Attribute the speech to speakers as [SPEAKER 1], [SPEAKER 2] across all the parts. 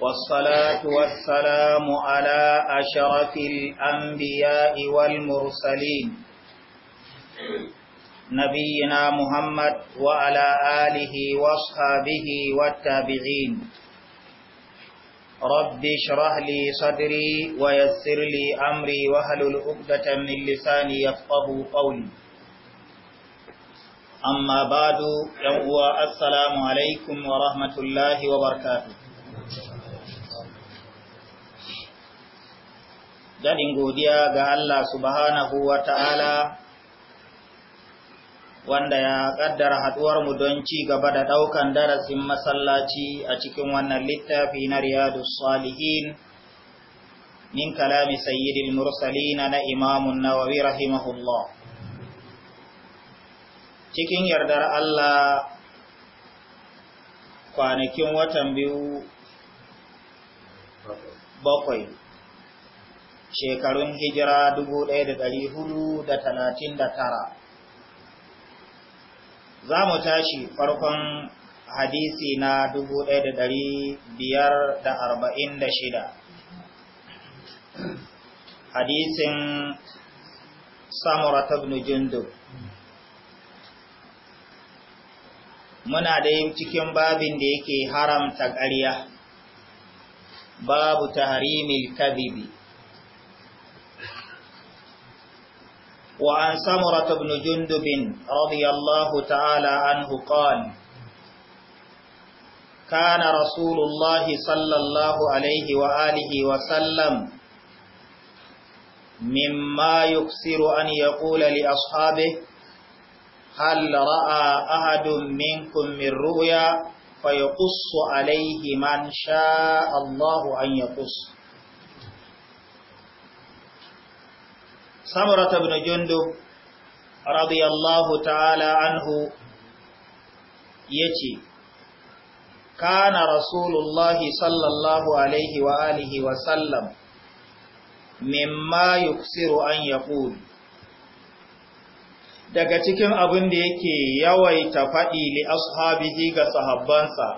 [SPEAKER 1] والصلاة والسلام على أشرف الأنبياء والمرسلين نبينا محمد وعلى آله واصحابه والتابعين رب اشرح لي صدري ويسر لي أمري وهل الأبدة من لساني يفقه قولي أما بعد يوم السلام عليكم ورحمة الله وبركاته daɗin godiya ga Allah subhanahu wa ta'ala wanda ya ƙaddara mu don ci gaba da ɗaukan darasin masallaci a cikin wannan littafi na riyadu salihin min kalami sayyidil mursalina na imamun nawawi rahimahullah cikin yardar Allah kwanakin watan biyu bakwai shekarun hijira dubu ɗaya da da da hudu talatin tara, za mu tashi farkon hadisi na da shida hadisin samura ta jundub muna da cikin babin da yake haramta ƙarya babu harimil kabibi وعن سمرة بن جندب رضي الله تعالى عنه قال كان رسول الله صلى الله عليه وآله وسلم مما يكسر أن يقول لأصحابه هل رأى أحد منكم من رؤيا فيقص عليه من شاء الله أن يقص samurata ibn jundub radiyallahu ta'ala anhu yace kana rasulullahi sallallahu alaihi wa alihi wa sallam mimma yuksiru an yaqul daga cikin abin da yake yawaita faɗi li ashabihi ga sahabbansa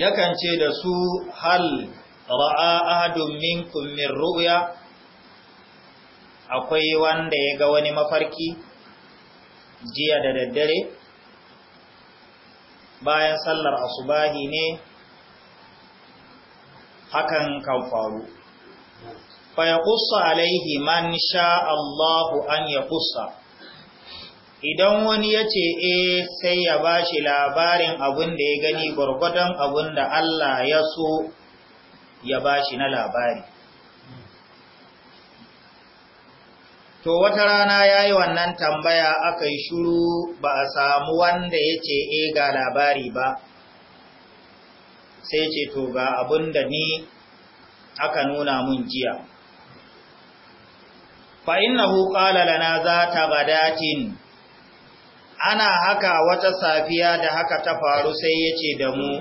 [SPEAKER 1] yakan ce da su hal ra'a ahadun minkum min ru'ya akwai wanda ya ga wani mafarki jiya da daddare bayan sallar asubahi ne hakan kan faru fa ya kusa alaihi man sha Allahu an ya kusa idan wani ya ce eh sai ya ba shi labarin abin da ya gani gwargwadon abin da Allah ya so ya ba shi na labari To wata rana ya yi wannan tambaya aka yi shuru ba a samu wanda ya ce e ga labari ba, sai ce to ga abin da ni aka nuna mun jiya. Fa'innahu ƙala lana za ta gadatin, ana haka wata safiya da haka ta faru sai yace ce da mu,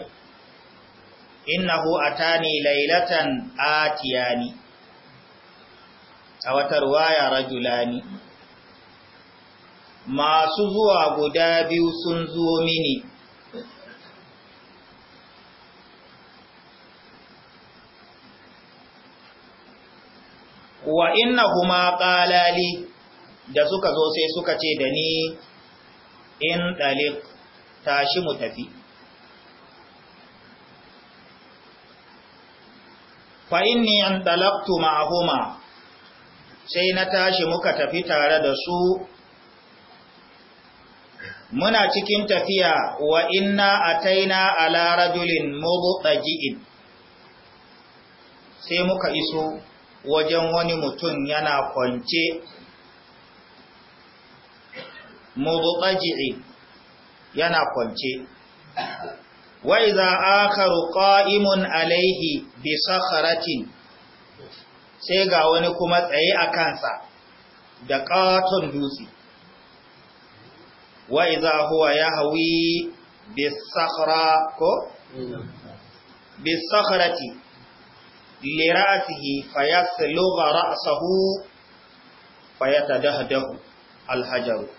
[SPEAKER 1] Innahu a tani lailatan atiyani. a wata ruwaya rajulani masu zuwa guda biyu sun zo mini wa inna huma qalali da suka zo sai suka ce da ni in dalik tashi mu tafi fa inni an ma'ahuma sai na tashi muka tafi tare da su muna cikin tafiya wa inna ataina ala rajulin mudhaji'in sai muka iso wajen wani mutum yana kwance mudhaji'i yana kwance wa idza akharu qa'imun alayhi bi sakharatin sai ga wani kuma tsaye a kansa da katon dutse wa iza huwa ya hawi bisakhra ko bisakhrati lira'atihi fayaslugha ra'sahu fayatadahdahu alhajaru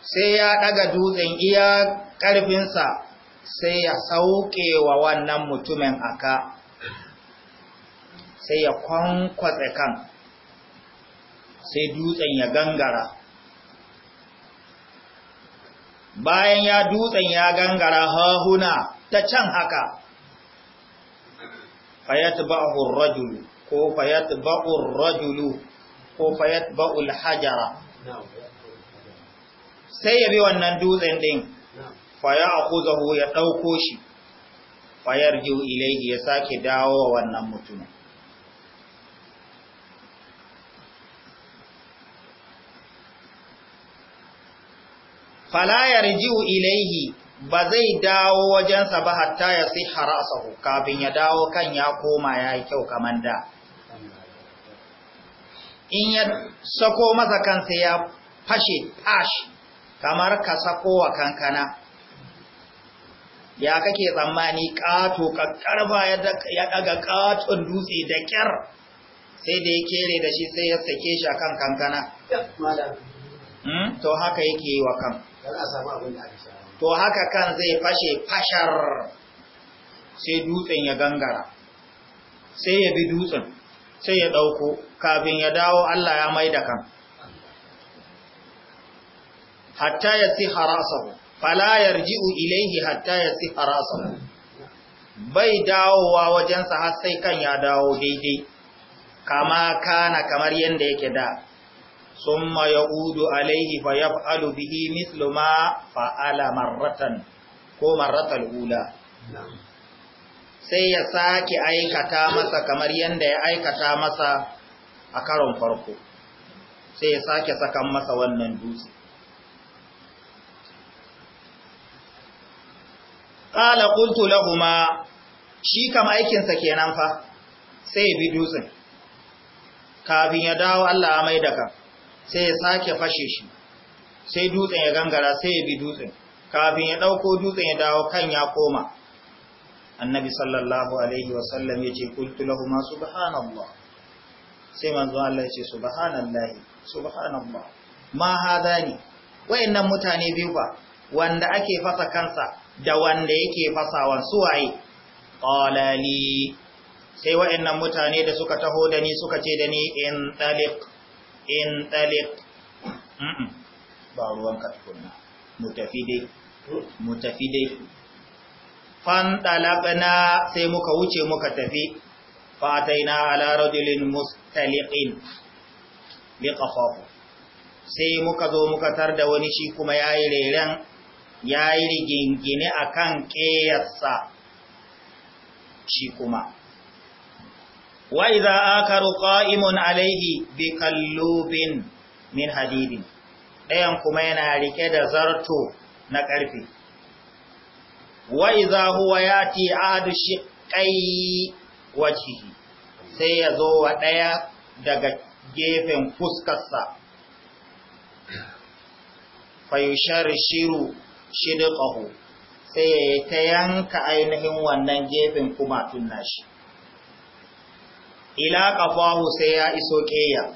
[SPEAKER 1] sai ya daga dutsen iya ƙarfinsa sai ya sauke wa wannan mutumin aka sai ya kwankwatsa kan sai dutsen ya gangara bayan ya dutsen ya gangara hahuna ta can haka fayat ba'ur rajulu ko fayat ba'ur rajulu ko fayat ba'ul hajara sai ya bi wannan dutsen din faya a kuzahu ya ɗauko shi fayar jiwu ilaihi ya sake dawo wannan mutumin fala yarji'u ilaihi ba zai dawo wajensa ba hatta ya sai harasahu kafin ya dawo kan ya koma ya yi kyau kamar da in ya sako masa kansa ya fashe tashi kamar ka sako wa kankana ya kake tsammani ƙato ƙarfa ya ɗaga ƙaton dutse da ƙyar sai da ya kere da shi sai ya sake shi a kan kankana hmm, to haka yake yi wa kan to haka kan zai fashe fashar sai dutsen ya gangara sai ya bi dutsen sai ya ɗauko kafin ya dawo Allah ya maida kan hatta ya si harasahu fala yarji'u ilaihi hatta ya si harasahu bai dawowa wajensa har sai kan ya dawo daidai kama kana kamar yadda yake da ثم يعود عليه فيفعل به مثل ما فعل مرة ko marratal ula sai ya sake aikata masa kamar yadda ya aikata masa a karon farko sai ya sake sakan masa wannan dutse ƙala ƙuntu lahuma shi kam aikinsa kenan fa sai ya bi dutsen kafin ya dawo Allah mai da ka sai ya sake fashe shi sai dutsen ya gangara sai ya bi dutsen kafin ya ɗauko dutsen ya dawo kan ya koma annabi sallallahu alaihi wasallam ya ce kultu lahu ma subhanallah sai manzo Allah ya ce subhanallahi subhanallah ma hadani wayannan mutane biyu ba wanda ake fasa kansa da wanda yake fasawan waye? qalali sai wayannan mutane da suka taho da ni suka ce da ni in taliq in talik ba ruwan katukunna mu tafi dai oh. fan talaqna sai muka wuce muka tafi fa ataina ala rajulin mustaliqin bi qafafu sai muka zo muka tar da wani shi kuma yayi reren yayi rigingine akan ƙeyarsa shi kuma wa idza akaru qa'imun alaihi bi kallubin min hadidin ɗayan kuma yana rike da zarto na ƙarfe wa idza huwa yati adu shiqqai wajhihi sai ya zo wa ɗaya daga gefen fuskarsa fayushar shiru shidiƙahu sai ya ta yanka ainihin wannan gefen kumatun nashi ila kafahu sai ya iso keya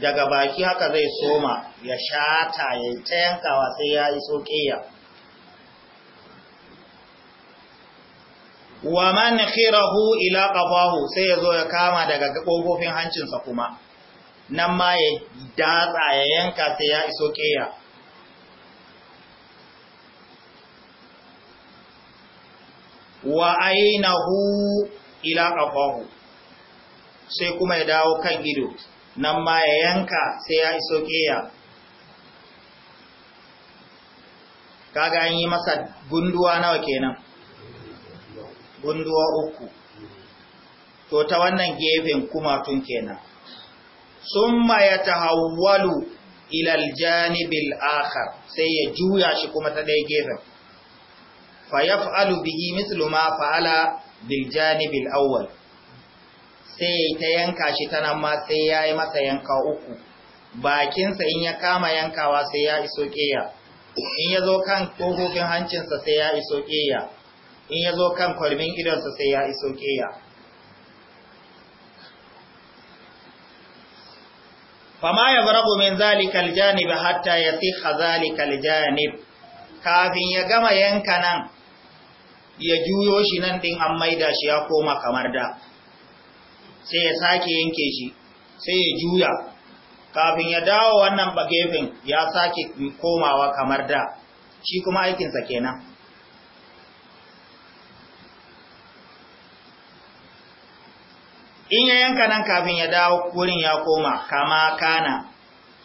[SPEAKER 1] daga baki haka zai soma ya shata ya ta yankawa sai ya iso keya wa man khirahu ila kafahu sai ya zo ya kama daga ƙofofin hancinsa kuma nan ma ya datsa ya yanka sai ya iso ƙeya wa ainahu ila akahu sai kuma ya dawo kan ido nan ma ya yanka sai ya iso keya kaga an yi masa gunduwa nawa kenan gunduwa uku to ta wannan gefen kuma tun kenan summa ya tahawwalu ilal janibil akhar sai ya juya shi kuma ta ɗaya gefen fayaf'alu bihi mislu ma fa'ala bil janibil awwal sai ta yanka shi ta nan ma sai yayi masa yanka uku bakinsa in ya kama yankawa sai ya iso keya in ya zo kan kofofin hancinsa sai ya iso keya in ya zo kan kwalmin sa sai ya iso keya fama ya barabu min zalikal janib hatta yasiha zalikal janib kafin ya gama yanka nan ya juyo shi nan ɗin an maida shi ya koma kamar da sai ya sake yanke shi sai ya juya kafin ya dawo wannan gefen ya sake komawa kamar da shi kuma aikinsa kenan in ya yanka nan kafin ya dawo wurin ya koma kama kana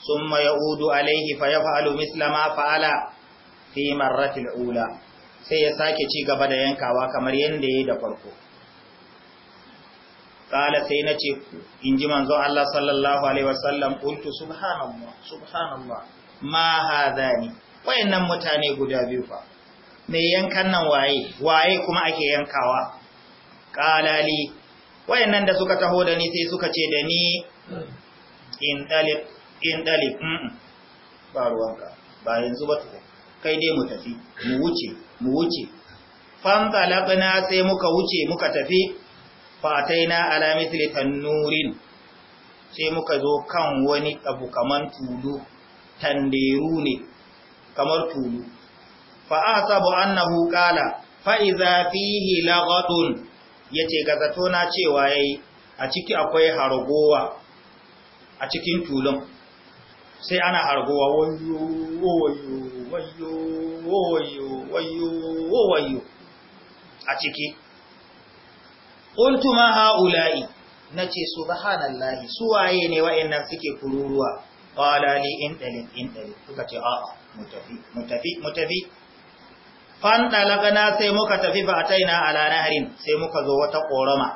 [SPEAKER 1] summa udu alaihi fa yaf'alu misla ma fa'ala fi marratil ula sai ya sake ci gaba da yankawa kamar yadda ya yi da farko Kala sai na ce in ji manzo Allah sallallahu alaihi wasallam kuntu subhanallah subhanallah ma hadani wayannan mutane guda biyu fa me yankan nan waye waye kuma ake yankawa Kala li wayannan da suka taho da ni sai suka ce da ni in dalib in dalib ba ruwanka ba yanzu ba ta kai dai mu tafi mu wuce mu wuce fantalaqna sai muka wuce muka tafi fataina ala mithli tannurin sai muka zo kan wani abu kaman tulu tanderu ne kamar tulu fa asabu annahu qala fa Fa'iza fihi laghatun yace ga zato na cewa yayi a ciki akwai hargowa a cikin tulun sai ana hargowa wayo wayo wayo wayo wayo a ciki ma haula'i nace subhanallahi waye ne wayannan suke kururuwa qala li in in suka ce a'a mutafi mutafi mutafi fan sai muka tafi ba taina ala naharin sai muka zo wata ƙorama.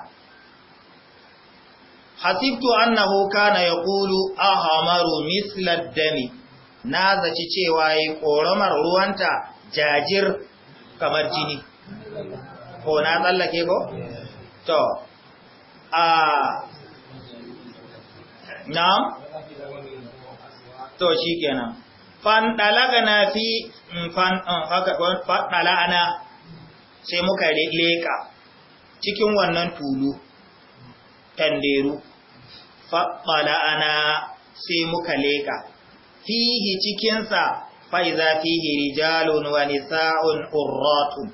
[SPEAKER 1] hasibtu annahu kana yaqulu ahamaru misla dami na zaci cewa yi ƙoramar ruwanta jajir kamar jini ko na tsallake ko? to a na to shi kenan fandalaga na fi mm, fandala'ana uh, sai muka leka cikin wannan tulu tanderu faɗaɗa'ana sai muka leka fihi cikinsa fa'iza fihi rijalun wa nisa'un urratun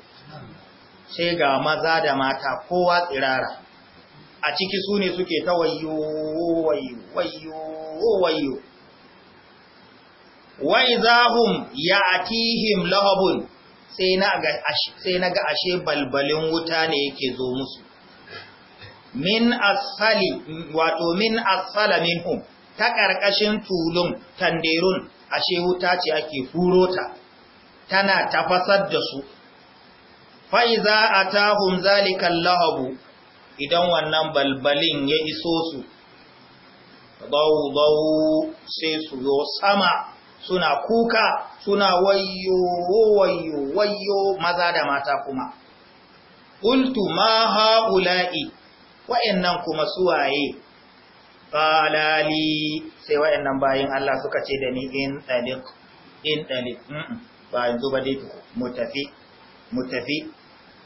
[SPEAKER 1] sai ga maza da mata kowa tsirara a ciki su ne suke ta wayo wayo wayo wa'iza hum ya atihim lahabun sai na ga ashe balbalin wuta ne yake zo musu min asali wato min asala minhum ta ƙarƙashin tulun tanderun ashe wuta ce ake furo ta tana tafasar da su fa'iza a tahun zalikan lahabu idan wannan balbalin ya iso su bau-bau sai su yo sama suna kuka suna wayo wayo wayo maza da mata kuma ƙultu ma ha'ula'i wa'yannan kuma suwaye Falali, sai wayannan bayan Allah suka ce da ni in taliq in taliq ba yanzu dai mu tafi mu tafi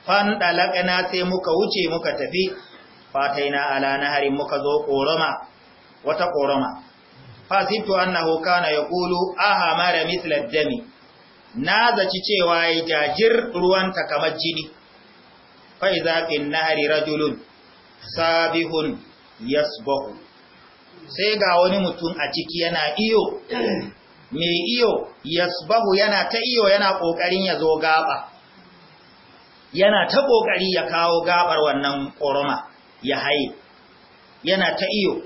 [SPEAKER 1] fan dalakana sai muka wuce muka tafi fataina ala hari muka zo koroma wata koroma fasibtu annahu ya kulu, aha mara mithla dami na zaci cewa ya jajir ruwanta kamar jini fai zafin fi nahari rajulun sabihun yasbahu sai ga wani mutum a ciki yana iyo mai iyo yasbahu yana ta iyo yana kokarin ya zo gaba yana ta kokari ya kawo gabar wannan koroma ya haye yana ta iyo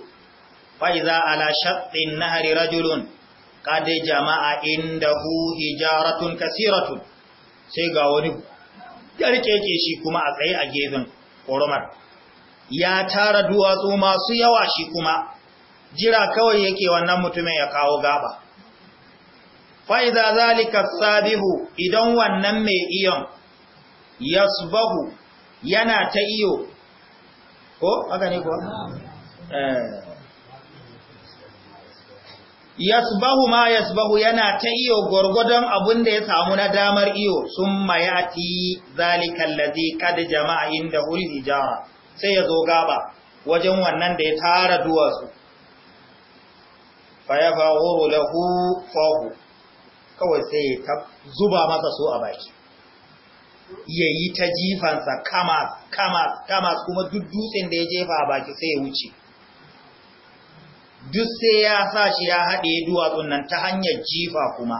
[SPEAKER 1] fa iza ala shattin nahri rajulun qad jama'a indahu hijaratun kasiratun sai ga wani ƙarƙeƙe shi kuma a tsaye a gefen koromar ya tara duwatsu masu yawa shi kuma jira kawai yake wannan mutumin ya kawo gaba fa'iza zalika sabihu idan wannan mai iyon yasbahu yana ta iyo ko aka ne kuwa eh. ma yasbahu yana ta iyo gwargwadon abin da ya samu na damar iyo sun mayati zalikan lazi kada jama'a inda hulhijara sai ya zo gaba wajen wannan da ya tara duwatsu fayafaghuru lahu fahu kawai sai ta zuba masa so a baki yayi ta jifansa kama kama kama kuma duk dutsen da ya jefa a baki sai ya wuce duk sai ya sa shi ya hade duwatsun nan ta hanyar jifa kuma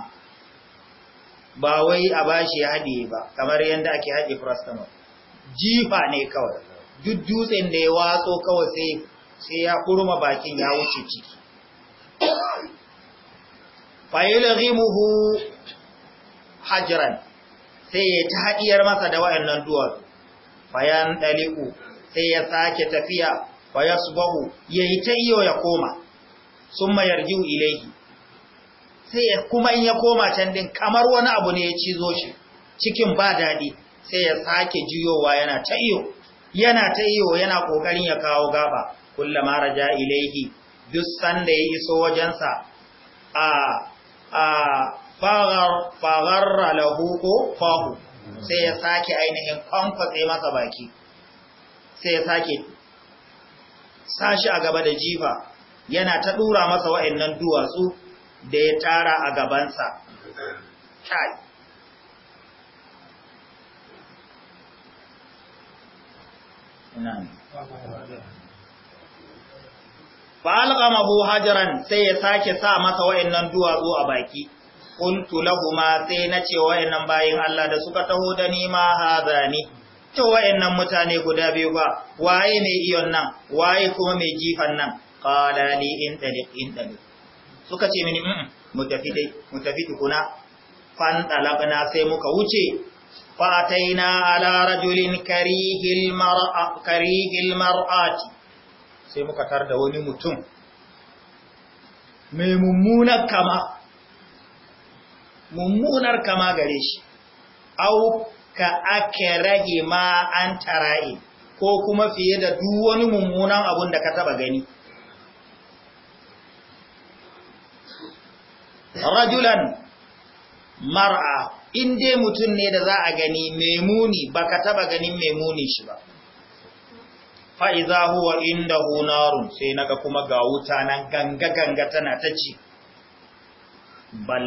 [SPEAKER 1] ba wai a bashi ya haɗiye ba kamar yadda ake hade prostamol jifa ne kawai duk dutsen da ya watso kawai sai ya kurma bakin ya wuce ciki fayilghimuhu hajran sai ya ta hadiyar masa da wayannan duwar bayan daliku sai ya sake tafiya fayasbahu yayi ta iyo ya koma summa yarjiu ilayhi sai kuma in ya koma can din kamar wani abu ne ya cizo shi cikin ba dadi sai ya sake juyowa yana ta iyo yana ta iyo yana kokarin ya kawo gaba kullama raja ilaihi duk sanda ya iso wajensa a a lahu ko fahu sai ya sake ainihin kwamfatse masa baki sai ya sake sashi a gaba da jifa yana ta dura masa wa'annan duwatsu da ya tara a gabansa Nani. falqamahu hajaran sai ya sake sa masa wayannan duwatsu a baki qultu lahumu sai na ce wayannan bayin Allah da suka taho da ni ma hazani to wayannan mutane guda biyu ba waye mai iyon nan waye kuma mai jifan nan qala li in taliq in suka ce mini mu tafi dai tukuna fan sai muka wuce fa na ala rajulin karihil mar'ati sai muka tar da wani mutum mai mummunar kama mummunar kama gare shi au ka ake rage ma an tara'i ko kuma fiye da duk wani mummunan abun da ka taba gani rajulan mar'a in dai mutum ne da za a gani memuni baka ka taba ganin memuni shi ba fa'iza huwa inda hunarun sai naga kuma ga wuta nan ganga-ganga tana ta ci bal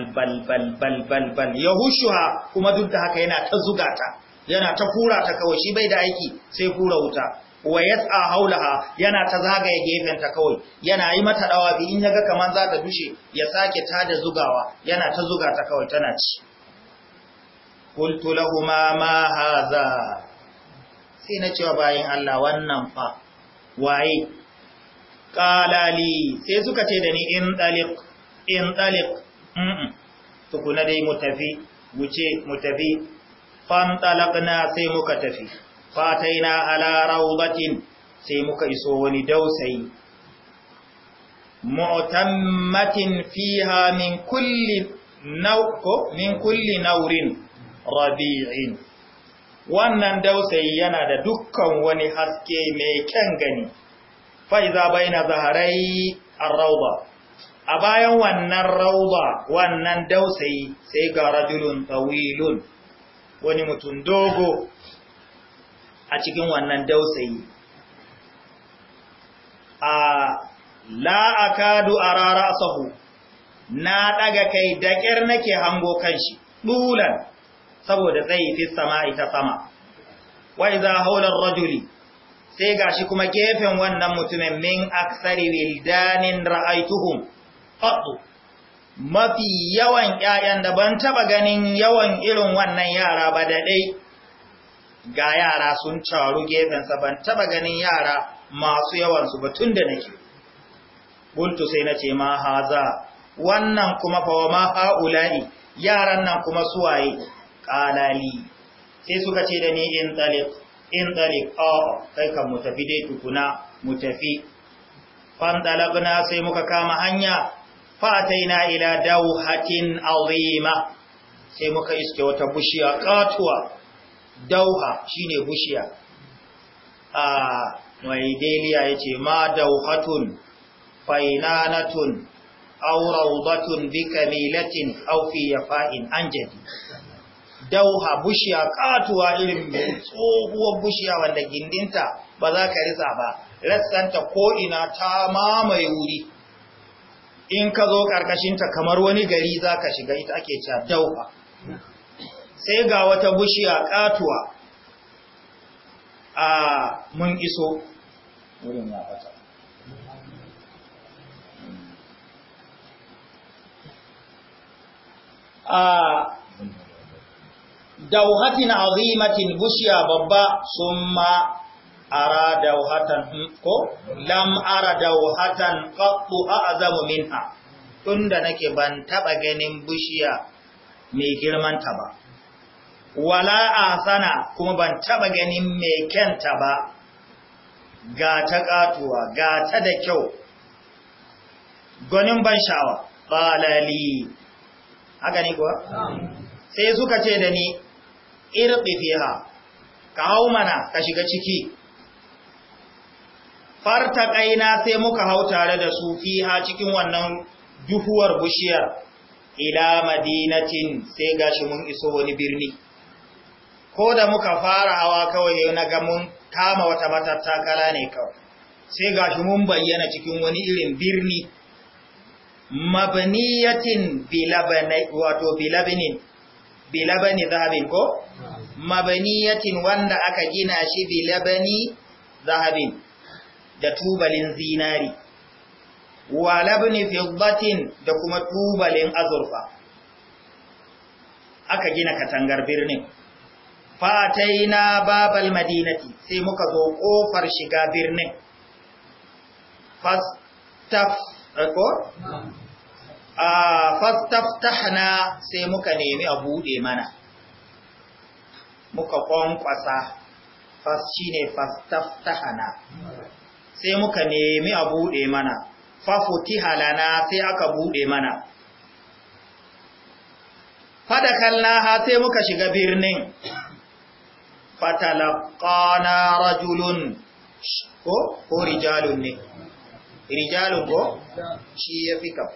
[SPEAKER 1] bal ya hushuha kuma duk da haka yana ta zuga ta, yana ta kura ta kawai shi bai da aiki sai kura wuta wa yatsa haulaha yana ta zagaye ta kawai yana yi mata bi in yaga kaman za ta dushe ya sake ta da zugawa yana ta zuga ta kawai tana ci qultu lahumu ma hadha sai na cewa bayan Allah wannan fa waye qalali sai suka ce da ni in daliq in daliq mm tukuna dai mu tafi wuce mu tafi fan talaqna sai muka tafi fataina ala rawbatin sai muka iso wani dausayi mu'tammatin fiha min kulli nauko min kulli naurin rabi'in wannan dausayi yana da dukkan wani haske mai kyan gani fa'iza na zaharai ar-rauba a bayan wannan rauba wannan dausayi sai ga rajulun tawilun wani mutum dogo a cikin wannan dausayi a la'akadu a rara sahu na ɗaga kai daƙir nake hango kanshi ɗulan saboda zai fi sama ta sama wa idza haula ar-rajuli sai gashi kuma gefen wannan mutumin min aksari wildanin ra'aituhum qatu mafi yawan 'ya'yan da ban taba ganin yawan irin wannan yara ba da dai ga yara sun taru gefen sa ban taba ganin yara masu yawan su ba tunda nake bultu sai nace ma haza wannan kuma fa wa ma haula'i yaran nan kuma suwaye li sai suka ce da ni in taliq in taliq a oh, kai kan mu tafi dai tukuna mu tafi fantalabna sai muka kama hanya fataina ila dauhatin azima sai muka iske wata bushiya katuwa dauha shine bushiya a mai deliya yace ma dauhatun fainanatun aw rawdatun bi kamilatin aw fi yafa'in anjadi dauha bushiya katuwa irin mai tsohuwar bushiya wanda gindinta ba za ka ritsa ba rassanta ko'ina ta mamaye wuri in ka zo ƙarƙashinta kamar wani gari za ka shiga ita ake cewa dauha sai ga wata bushiya katuwa a mun iso wurin ya fata a dauhatin azimatin bushiya babba summa ara dauhatan ko lam ara dauhatan qattu a'zamu minha tunda nake ban taba ganin bushiya mai girman ba wala asana kuma ban taba ganin mai kyanta ba ga ta katuwa ga ta da kyau gwanin ban sha'awa balali haka ne kuwa sai suka ce da ni irɓe fiha ka hau mana ka shiga ciki farta ƙaina sai muka hau tare da su fiha cikin wannan duhuwar bushiyar ila madinatin sai gashi mun iso wani birni ko da muka fara hawa kawai na ga mun kama wata matattakala ne kawai sai gashi mun bayyana cikin wani irin birni mabaniyatin wato bilabinin bi labani zahabin ko mabaniyatin wanda aka gina shi bi labani zahabin da tubalin zinari wa labani fiddatin da kuma tubalin azurfa aka gina katangar birnin fataina babal madinati sai muka zo ƙofar shiga birnin Fas, taf, eh, ko fastaftahna sai muka nemi a bude mana muka kwankwasa fas shine fastaftahna sai muka nemi a bude mana fafutiha halana sai aka bude mana fadakalnaha sai muka shiga birnin fatalaqana rajulun ko ko rijalun ne rijalun ko shi ya fika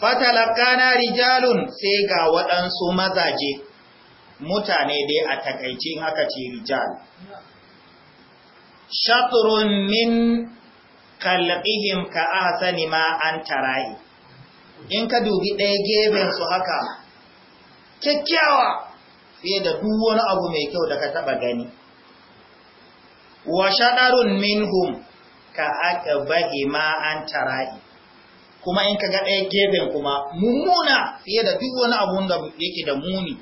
[SPEAKER 1] fatalakana rijalun sai ga waɗansu mazaje mutane dai a takaice aka ce rijal shatrun min kallabihim ka ahsani ma an tara'i in ka dubi ɗaya gefen su haka kyakkyawa fiye da duk wani abu mai kyau da ka taba gani wa shadarun minhum ka aqbahi ma an tara'i kuma in kaga ɗaya gefen kuma mummuna fiye da duk wani abun da yake da muni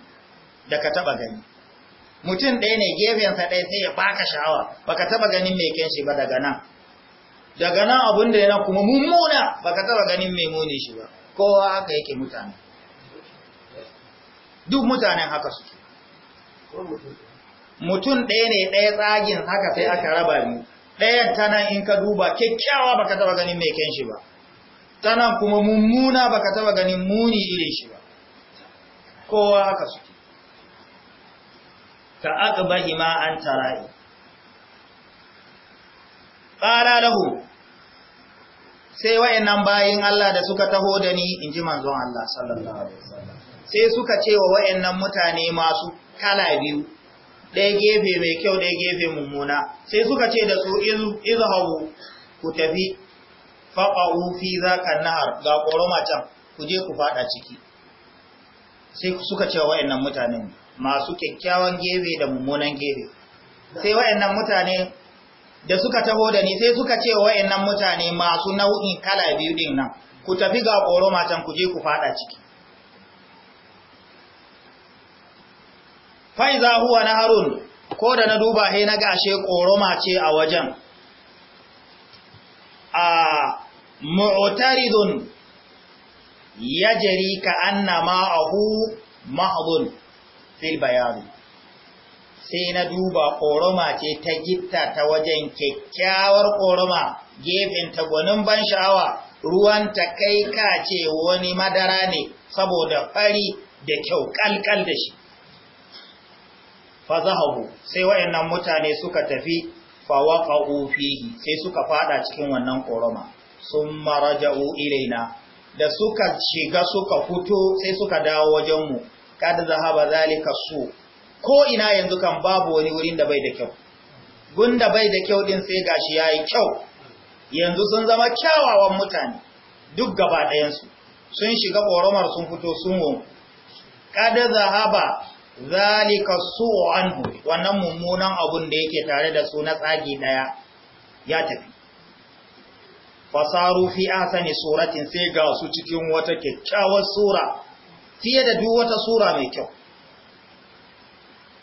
[SPEAKER 1] da ka taba gani mutum ɗaya ne sa ɗaya sai ya baka sha'awa baka taba ganin mai ken shi ba daga nan daga nan abun da yana kuma mummuna baka taba ganin mai muni shi ba kowa haka yake mutane duk mutanen haka su. mutum ɗaya ne ɗaya tsagin haka sai aka raba ni ɗayan ta nan in ka duba kyakkyawa baka taba ganin mai ken shi ba Sannan kuma mummuna baka taba ganin muni irin shi ba kowa haka suke ka bahi ma an tarai qala lahu sai wayannan bayin Allah da suka taho da ni in ji manzon Allah sallallahu alaihi wasallam sai suka ce wa wayannan mutane masu kala biyu ɗaya gefe mai kyau ɗaya gefe mummuna sai suka ce da su izhabu ku tafi faƙa'u fi za ka nahar ga ƙoroma can ku je ku faɗa ciki sai suka ce wa'annan mutanen masu kyakkyawan gefe da mummunan gefe sai wa'annan mutane da suka taho da ni sai suka ce wa'annan mutane masu nau'in kala biyu din nan ku tafi ga ƙoroma can ku je ku faɗa ciki fa'iza huwa na harun ko da na duba he na gashe ƙoroma ce a wajen mu'taridun yajri ka anna ma'ahu mahdun fil bayan sai na duba koroma ce ta gita ta wajen kyakkyawar koroma gefen ta gwanin ban sha'awa ruwan ta kai ka ce wani madara ne saboda fari da kyau kalkal da shi fa zahabu sai wayannan mutane suka tafi fa waqa'u fihi sai suka fada cikin wannan koroma sun maraja'u ilaina da suka shiga suka fito sai suka dawo wajenmu kada zahaba zalika su ko ina yanzu kan babu wani wurin da bai da kyau gunda bai da kyau din sai gashi ya yi kyau yanzu sun zama kyawawan mutane duk gaba ɗayansu sun shiga ƙoramar sun fito sun won kada zahaba zalika su'u anhu wannan mummunan abun da yake tare da su na tsagi ɗaya ya tafi fasaru fi asani suratin sai ga su cikin wata kyakkyawar sura fiye da duk wata sura mai kyau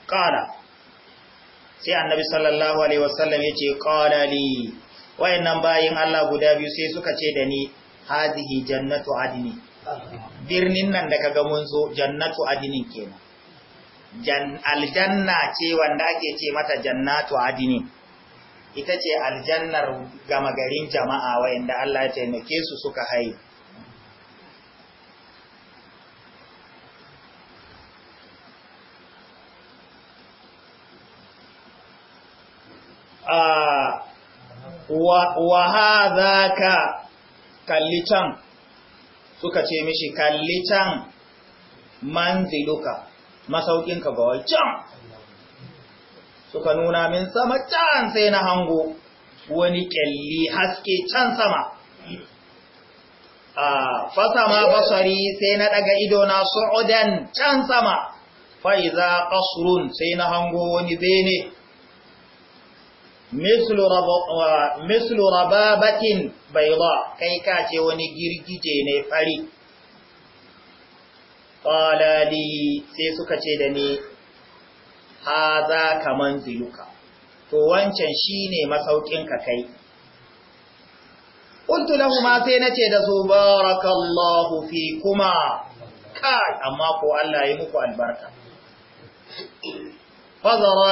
[SPEAKER 1] qala sai annabi sallallahu alaihi wasallam yace qala li wayannan bayin Allah guda biyu sai suka ce da ni hadhihi jannatu adni birnin nan da kaga mun zo jannatu adnin kenan aljanna ce wanda ake ce mata jannatu adnin ita ce aljannar gama garin jama'a wa'inda Allah ya taimake su suka haihu.
[SPEAKER 2] Ah,
[SPEAKER 1] wa ha ka kalli can suka ce mishi kalli can manziluka masaukinka ga wajen suka nuna min sama can sai na hango wani kyalli haske can sama a fasama basari sai na daga ido na su'udan can sama fa'iza ƙasurun sai na hango wani bene mislu rababatin bai ba kai kace wani girgije ne fari ƙwalali sai suka ce da ni ha za ka manziluka to wancan shi ne masaukinka kai ƙuntu ma sai na ce da su barakallahu fi kuma Ka amma ko Allah ya muku albarka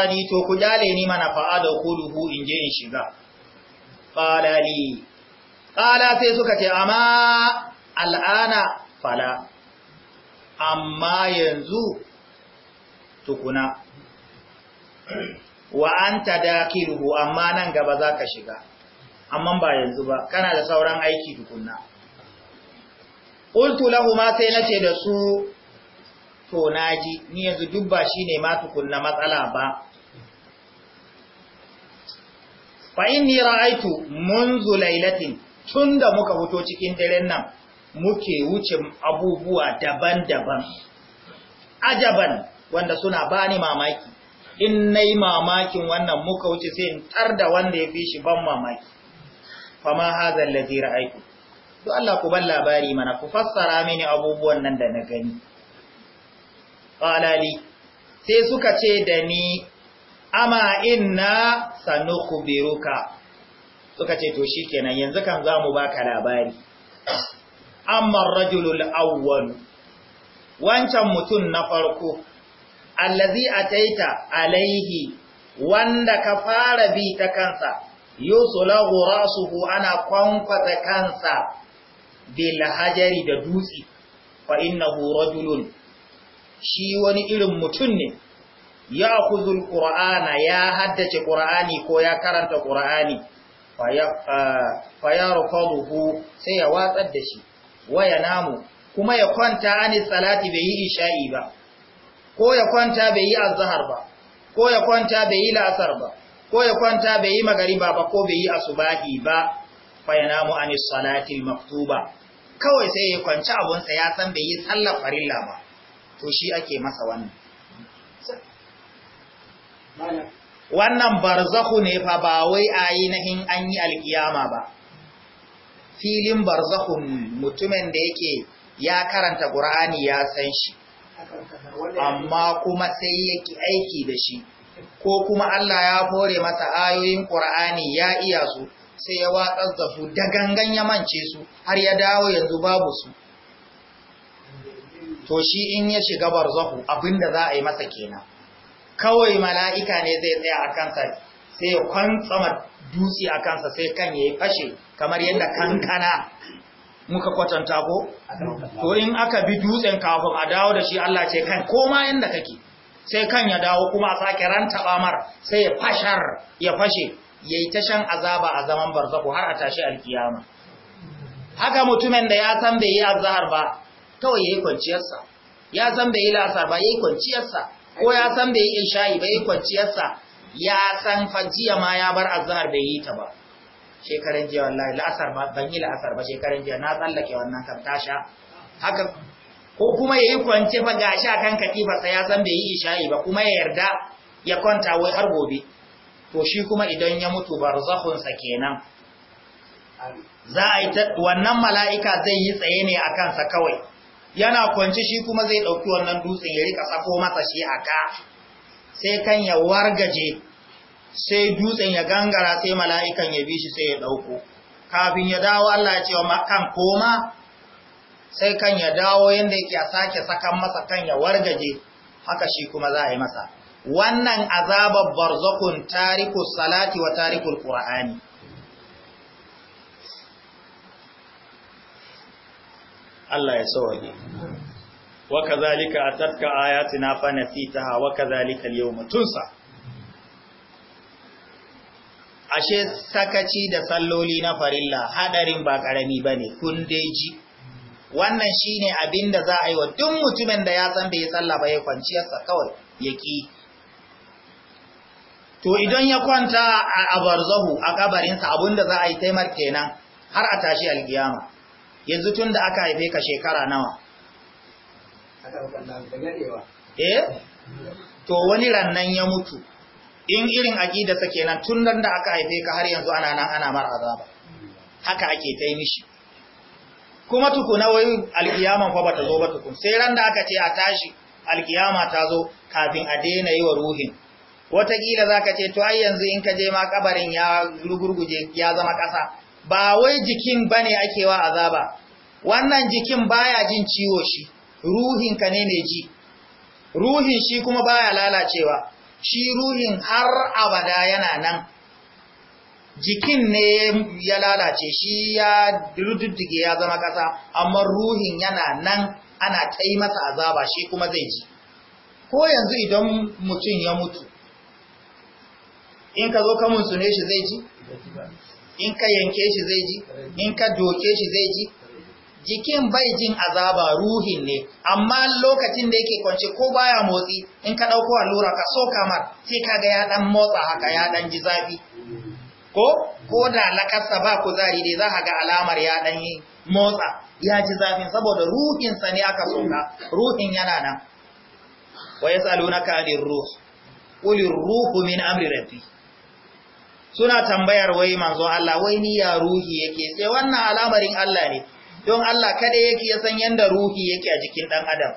[SPEAKER 1] ni to ku jale ni mana fa'a fa'ada kuluhu in je in shiga ƙalali ƙala sai suka ce amma al'ana fala amma yanzu tukuna wa anta dakiruhu amma nan gaba za ka shiga amma ba yanzu ba kana da sauran aiki tukunna qultu ma sai nace da su to naji ni yanzu dubba ba shine ma tukunna matsala ba fa inni ra'aitu munzu tun tunda muka fito cikin daren nan muke wuce abubuwa daban-daban ajaban wanda suna bani mamaki in na yi mamakin wannan muka wuce sai in tar da wanda ya fi shi ban mamaki fama hazan lazira aiku duk Allah ku ban labari mana ku fassara mini abubuwan nan da na gani ƙalali sai suka ce da ni ama inna Beruka, suka ce to shi kenan, yanzu kan ba ka labari amma rajulul awwal wancan mutum na farko allazi ataita alaihi wanda ka fara bi ta kansa yusulahu rasuhu ana kwankwata kansa bil hajari da dutse fa innahu rajulun shi wani irin mutum ne ya kuzul qur'ana ya haddace qur'ani ko ya karanta qur'ani fayarufaduhu sai ya watsar da shi waya namu kuma ya kwanta ani salati bai yi isha'i ba ko ya kwanta bai yi azhar ba ko ya kwanta bai yi la'asar ba ko ya kwanta bai yi magariba ba ko bai yi asubahi ba fa namu anis salati maktuba kawai sai ya kwanci abunsa ya san bai yi sallar farilla ba to shi ake masa wannan wannan barzahu ne fa ba wai ainihin an yi alkiyama ba filin barzahun mutumin da yake ya karanta qur'ani ya san shi amma kuma sai yake aiki da shi ko kuma Allah ya fore masa ayoyin Qur'ani ya iya su sai ya watsar da su da gangan ya mance su har ya dawo yanzu babu su to shi in ya shiga barzahu abinda za a yi masa kenan kawai mala'ika ne zai tsaya a kansa sai ya kwantsama dutse a kansa sai kan yayi fashe kamar yadda kankana muka kwatanta ko to in aka bi dutsen kafin a dawo da shi Allah ce kan koma inda kake sai kan ya dawo kuma a sake ran taba mar sai ya fashar ya fashe yayi ta shan azaba a zaman barzako har a tashi alkiyama haka mutumin da ya san bai yi azhar ba kawai yayi kwanciyarsa ya san bai yi lasar ba yayi kwanciyarsa ko ya san bai yi isha'i ba yayi kwanciyarsa ya san fajiya ma ya bar azhar bai yi ta ba shekaran jiya wallahi la'asar ba ban yi la'asar ba shekaran jiya na tsallake wannan kan tasha haka ko kuma yayi kwance fa gashi akan katifa sai ya san bai yi isha'i ba kuma ya yarda ya kwanta wai har gobe to shi kuma idan ya mutu barzakhun sa kenan za a yi wannan mala'ika zai yi tsaye ne akan sa kawai yana kwance shi kuma zai ɗauki wannan dutsen ya rika tsako masa shi aka sai kan ya wargaje sai dutsen ya gangara sai mala'ikan ya bi shi sai ya ɗauko kafin ya dawo Allah ce wa kan koma sai kan ya dawo yadda yake sake sakan masa kan ya wargaje haka shi kuma za a yi masa wannan azabar barzakun tarikul salati wa tarikul qur'ani Allah ya sauke wa kazalika atatka ayatina fa nasitaha wa kazalika al ashe sakaci da salloli na farilla hadarin ba karami ba ne kun ji wannan shine abin da za a yi wa duk mutumin da ya san bai salla ba ya kwanciyarsa kawai ya ki to idan ya kwanta a barzahu a kabarinsa abinda za a yi taimar kenan har a tashi alkiyama yanzu tun da aka haife ka shekara nawa eh to wani rannan ya mutu in irin aqidarsa kenan tun nan da aka haife ka har yanzu ana nan ana mar azaba haka ake tai mishi kuma tukuna wai alkiyama fa bata zo ba tukun sai ran da aka ce a tashi alkiyama ta zo kafin a daina yi wa ruhin kila zaka ce to ai yanzu in ka je ma kabarin ya gurguje ya zama kasa ba wai jikin bane ake wa azaba wannan jikin baya jin ciwo shi ruhin ka ne mai ji ruhin shi kuma baya lalacewa shi ruhin har abada yana nan jikin ne ya lalace shi ya dirdiddige ya zama ƙasa amma ruhin yana nan ana tai masa azaba shi kuma zai ji ko yanzu idan mutum ya mutu in ka zo ka munsune shi zai ji in ka yanke shi zai ji in ka doke shi zai ji jikin bai jin azaba ruhin ne amma lokacin da yake kwance ko baya motsi in ka dauko allura ka so kamar sai kaga ya dan motsa haka ya dan ji zafi ko ko da lakasa ba kuzari dai za ka ga alamar ya dan yi motsa ya ji zafin saboda ruhin sa ne aka soka ruhin yana nan wa yasalunaka anir ruh qulir ruhu min amri rabbi suna tambayar wai manzo Allah wai ni ya ruhi yake sai wannan alamarin Allah ne don Allah kada yake ya san yanda ruhi yake a jikin dan adam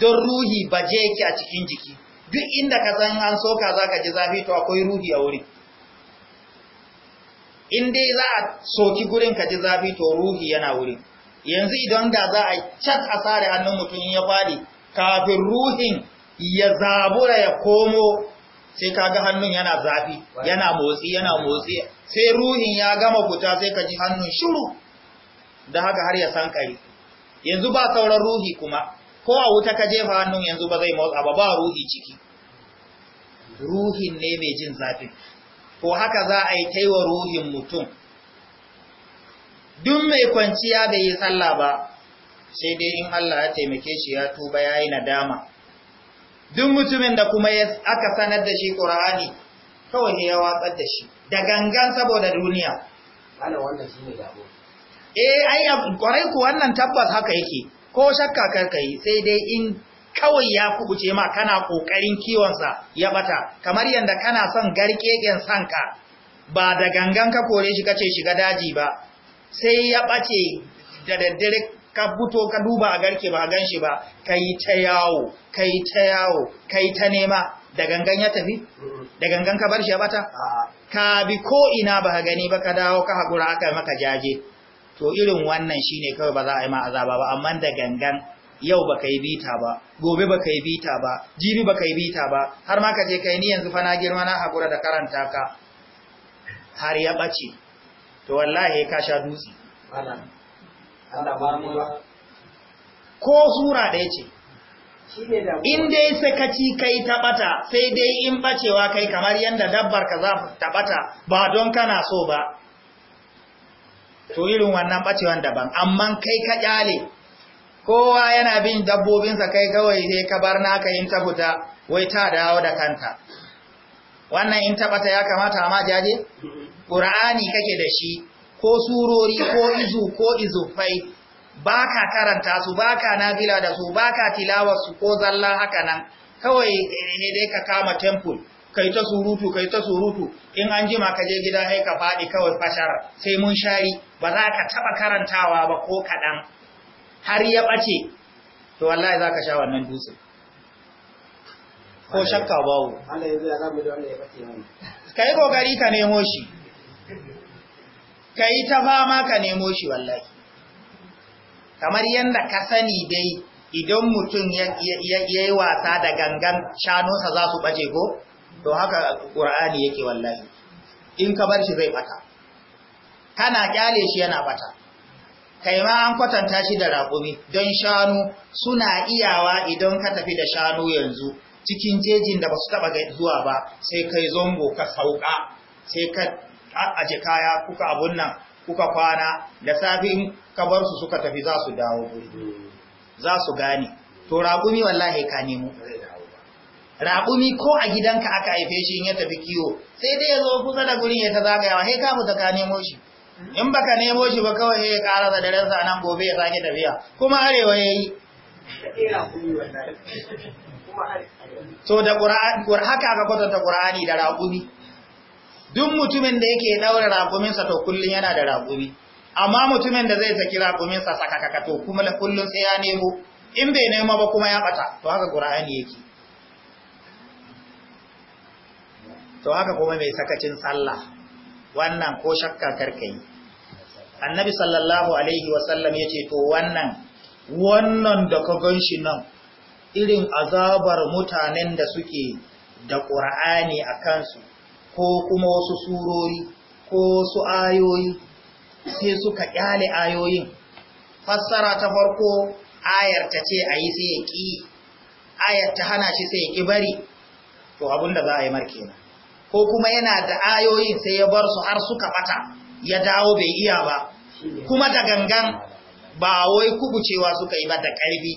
[SPEAKER 1] don ruhi baje yake a cikin jiki duk inda ka san an soka zaka ji zafi to akwai ruhi a wuri. in dai za a soki gurin ka ji zafi to ruhi yana wuri. yanzu idan da za a cat a sare hannun mutum ya fadi kafin ruhin ya zabura ya komo sai kaga hannun yana zafi yana motsi yana motsi sai ruhin ya gama fita sai ka ji hannun shiru Da haka har ya san sankari yanzu ba sauran ruhi kuma ko a wuta ka jefa hannun yanzu ba zai motsa ba ba ruhi ciki ruhin ne mai jin zafi. ko haka za a yi taiwa ruhin mutum duk mai kwanciya da yi sallah ba sai dai in Allah ya taimake shi ya tuba ya yi nadama duk mutumin da kuma aka sanar da shi ƙura'ani kawai ne ya watsar da shi da gangan saboda duniya. eh ai kwarai ku wannan tabbas haka yake ko shakka karka yi sai dai in kawai ya kubuce ma kana kokarin kiwonsa ya bata kamar yadda kana son garkeken sanka ba da gangan ka kore shi kace shiga daji ba sai ya bace da daddare ka buto ka duba a garke ba gan shi ba kai ta yawo kai ta yawo kai ta nema da gangan ya tafi da gangan ka bar shi ya bata ka bi ko ina ba gani ba ka dawo ka hakura aka maka jaje to irin wannan shine kawai ba za a yi ma azaba ba amma da gangan yau baka yi bita ba gobe baka yi bita ba jibi baka yi bita ba har ma ka je kai ni yanzu fa na girma na hakura da karanta ka har ya bace to wallahi ka sha dutse ko sura ɗaya ce in dai sakaci kai tabata sai dai in bacewa kai kamar yadda dabbar ka za ta tabata, ba don kana so ba to irin wannan bacewan daban amma kai ka kyale kowa yana bin dabbobinsa kai kawai sai ka bar naka in ta fita wai ta dawo da kanta wannan in ta bata ya kamata amma jaje qur'ani kake da shi ko surori ko izu ko izufai baka karanta su baka nafila da su baka tilawa su ko zalla haka nan kawai ne eh, eh, eh, dai ka kama temple kai ta surutu kai ta surutu in an jima ka je gida sai ka fadi kawai fashar sai mun shari ba za ka taɓa karantawa ba ko kaɗan har ya ɓace to wallahi za ka sha wannan dutse ko shakka babu ka yi ƙoƙari ka nemo shi ka yi ta fama ka nemo shi wallahi kamar yadda ka sani dai idan mutum ya yi wasa da gangan shanunsa za su ɓace ko to haka ƙur'ani yake wallahi in ka bar shi zai bata kana kyale shi yana bata kai ma an kwatanta shi da raƙumi don shanu suna iyawa idan ka tafi da shanu yanzu cikin jejin da basu taba taɓa zuwa ba sai kai zombo ka sauka sai ka aje kaya kuka abun nan kuka kwana da safin ka bar su suka tafi za su dawo za su gane to raƙumi wallahi ka nemo raƙumi ko a gidanka aka haife shi in ya tafi kiwo sai dai ya zo kusa da gurin ya ta zagayawa sai ka fita ka nemo shi in baka nemo shi ba kawai ya ƙara da daren sa nan gobe ya sake tafiya kuma arewa ya yi To da haka aka kwatanta ƙura'ani da raƙumi duk mutumin da yake ɗaura raƙuminsa to kullum yana da raƙumi amma mutumin da zai saki raƙuminsa sakakaka to kuma kullum sai ya nemo in bai nemo ba kuma ya ɓata to haka ƙura'ani yake to haka kuma mai sakacin sallah wannan ko shakka karkai annabi sallallahu alaihi wasallam ya ce to wannan wannan da ka gan shi nan irin azabar mutanen da suke da ƙura'ani a kansu ko kuma wasu surori ko su ayoyi sai suka ƙyale ayoyin fassara ta farko ayar ta ce a yi sai ya ƙi ayar ta hana shi sai ya ƙi bari to da za a yi markina ko kuma yana da ayoyin sai ya bar su har suka bata ya dawo bai iya ba kuma da gangan ba wai kubucewa suka yi ba da ƙarfi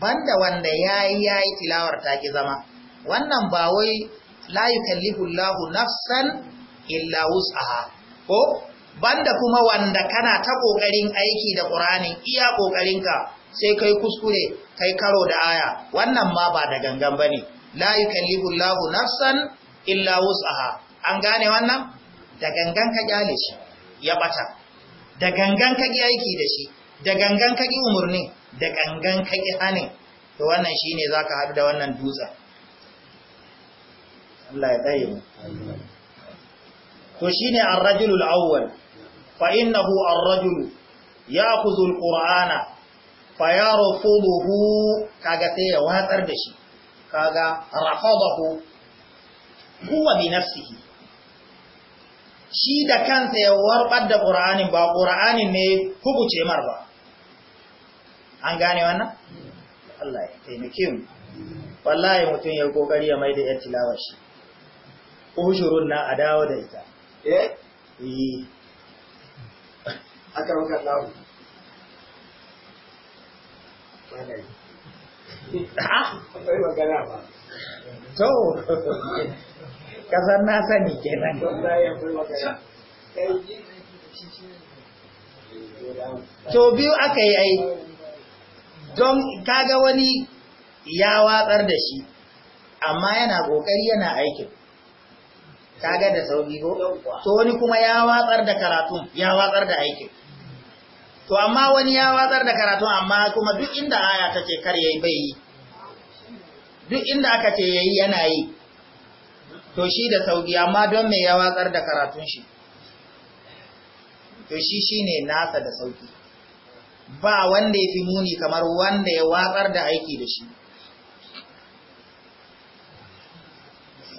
[SPEAKER 1] banda wanda yayi yayi tilawar take zama wannan ba wai la yukallifu llahu nafsan illa wus'aha ko banda kuma wanda kana ta kokarin aiki da Qur'ani iya kokarinka sai kai kuskure kai karo da aya wannan ma ba da gangan bane la yukallifu llahu nafsan illa wus'aha an gane wannan da gangan ka gyale shi ya bata da gangan ka ki aiki da shi da gangan ka ki umurni da gangan ka ki hanin to wannan shine zaka haɗu da wannan dutsen Allah ya dai mu to shine ar-rajulul awwal fa innahu ar rajul ya'khudhul qurana fa yarfuduhu kaga sai ya watsar da shi kaga rafadahu huwa bi nafsihi shi da kansa ya warbar da qur'anin ba qur'anin ne hukuce mar ba an gane wannan Allah ya taimake mu wallahi mutum ya kokari ya maida yar tilawar shi ushurun na a dawo da ita eh eh
[SPEAKER 3] aka maka dawo Ah, akwai magana ba. To, kasar na sani kenan
[SPEAKER 2] to biyu aka yi ai
[SPEAKER 1] don kaga wani ya watsar da shi amma yana kokari yana aikin kaga da sauki ko to wani kuma ya watsar da karatun ya watsar da aikin to amma wani ya watsar da karatun amma kuma duk inda aya ta ce kar yayi bai yi duk inda aka ce yayi yana yi to shi da sauki amma don me ya watsar da karatun shi to shi ne nasa da sauki ba wanda ya fi muni kamar wanda ya watsar da aiki da shi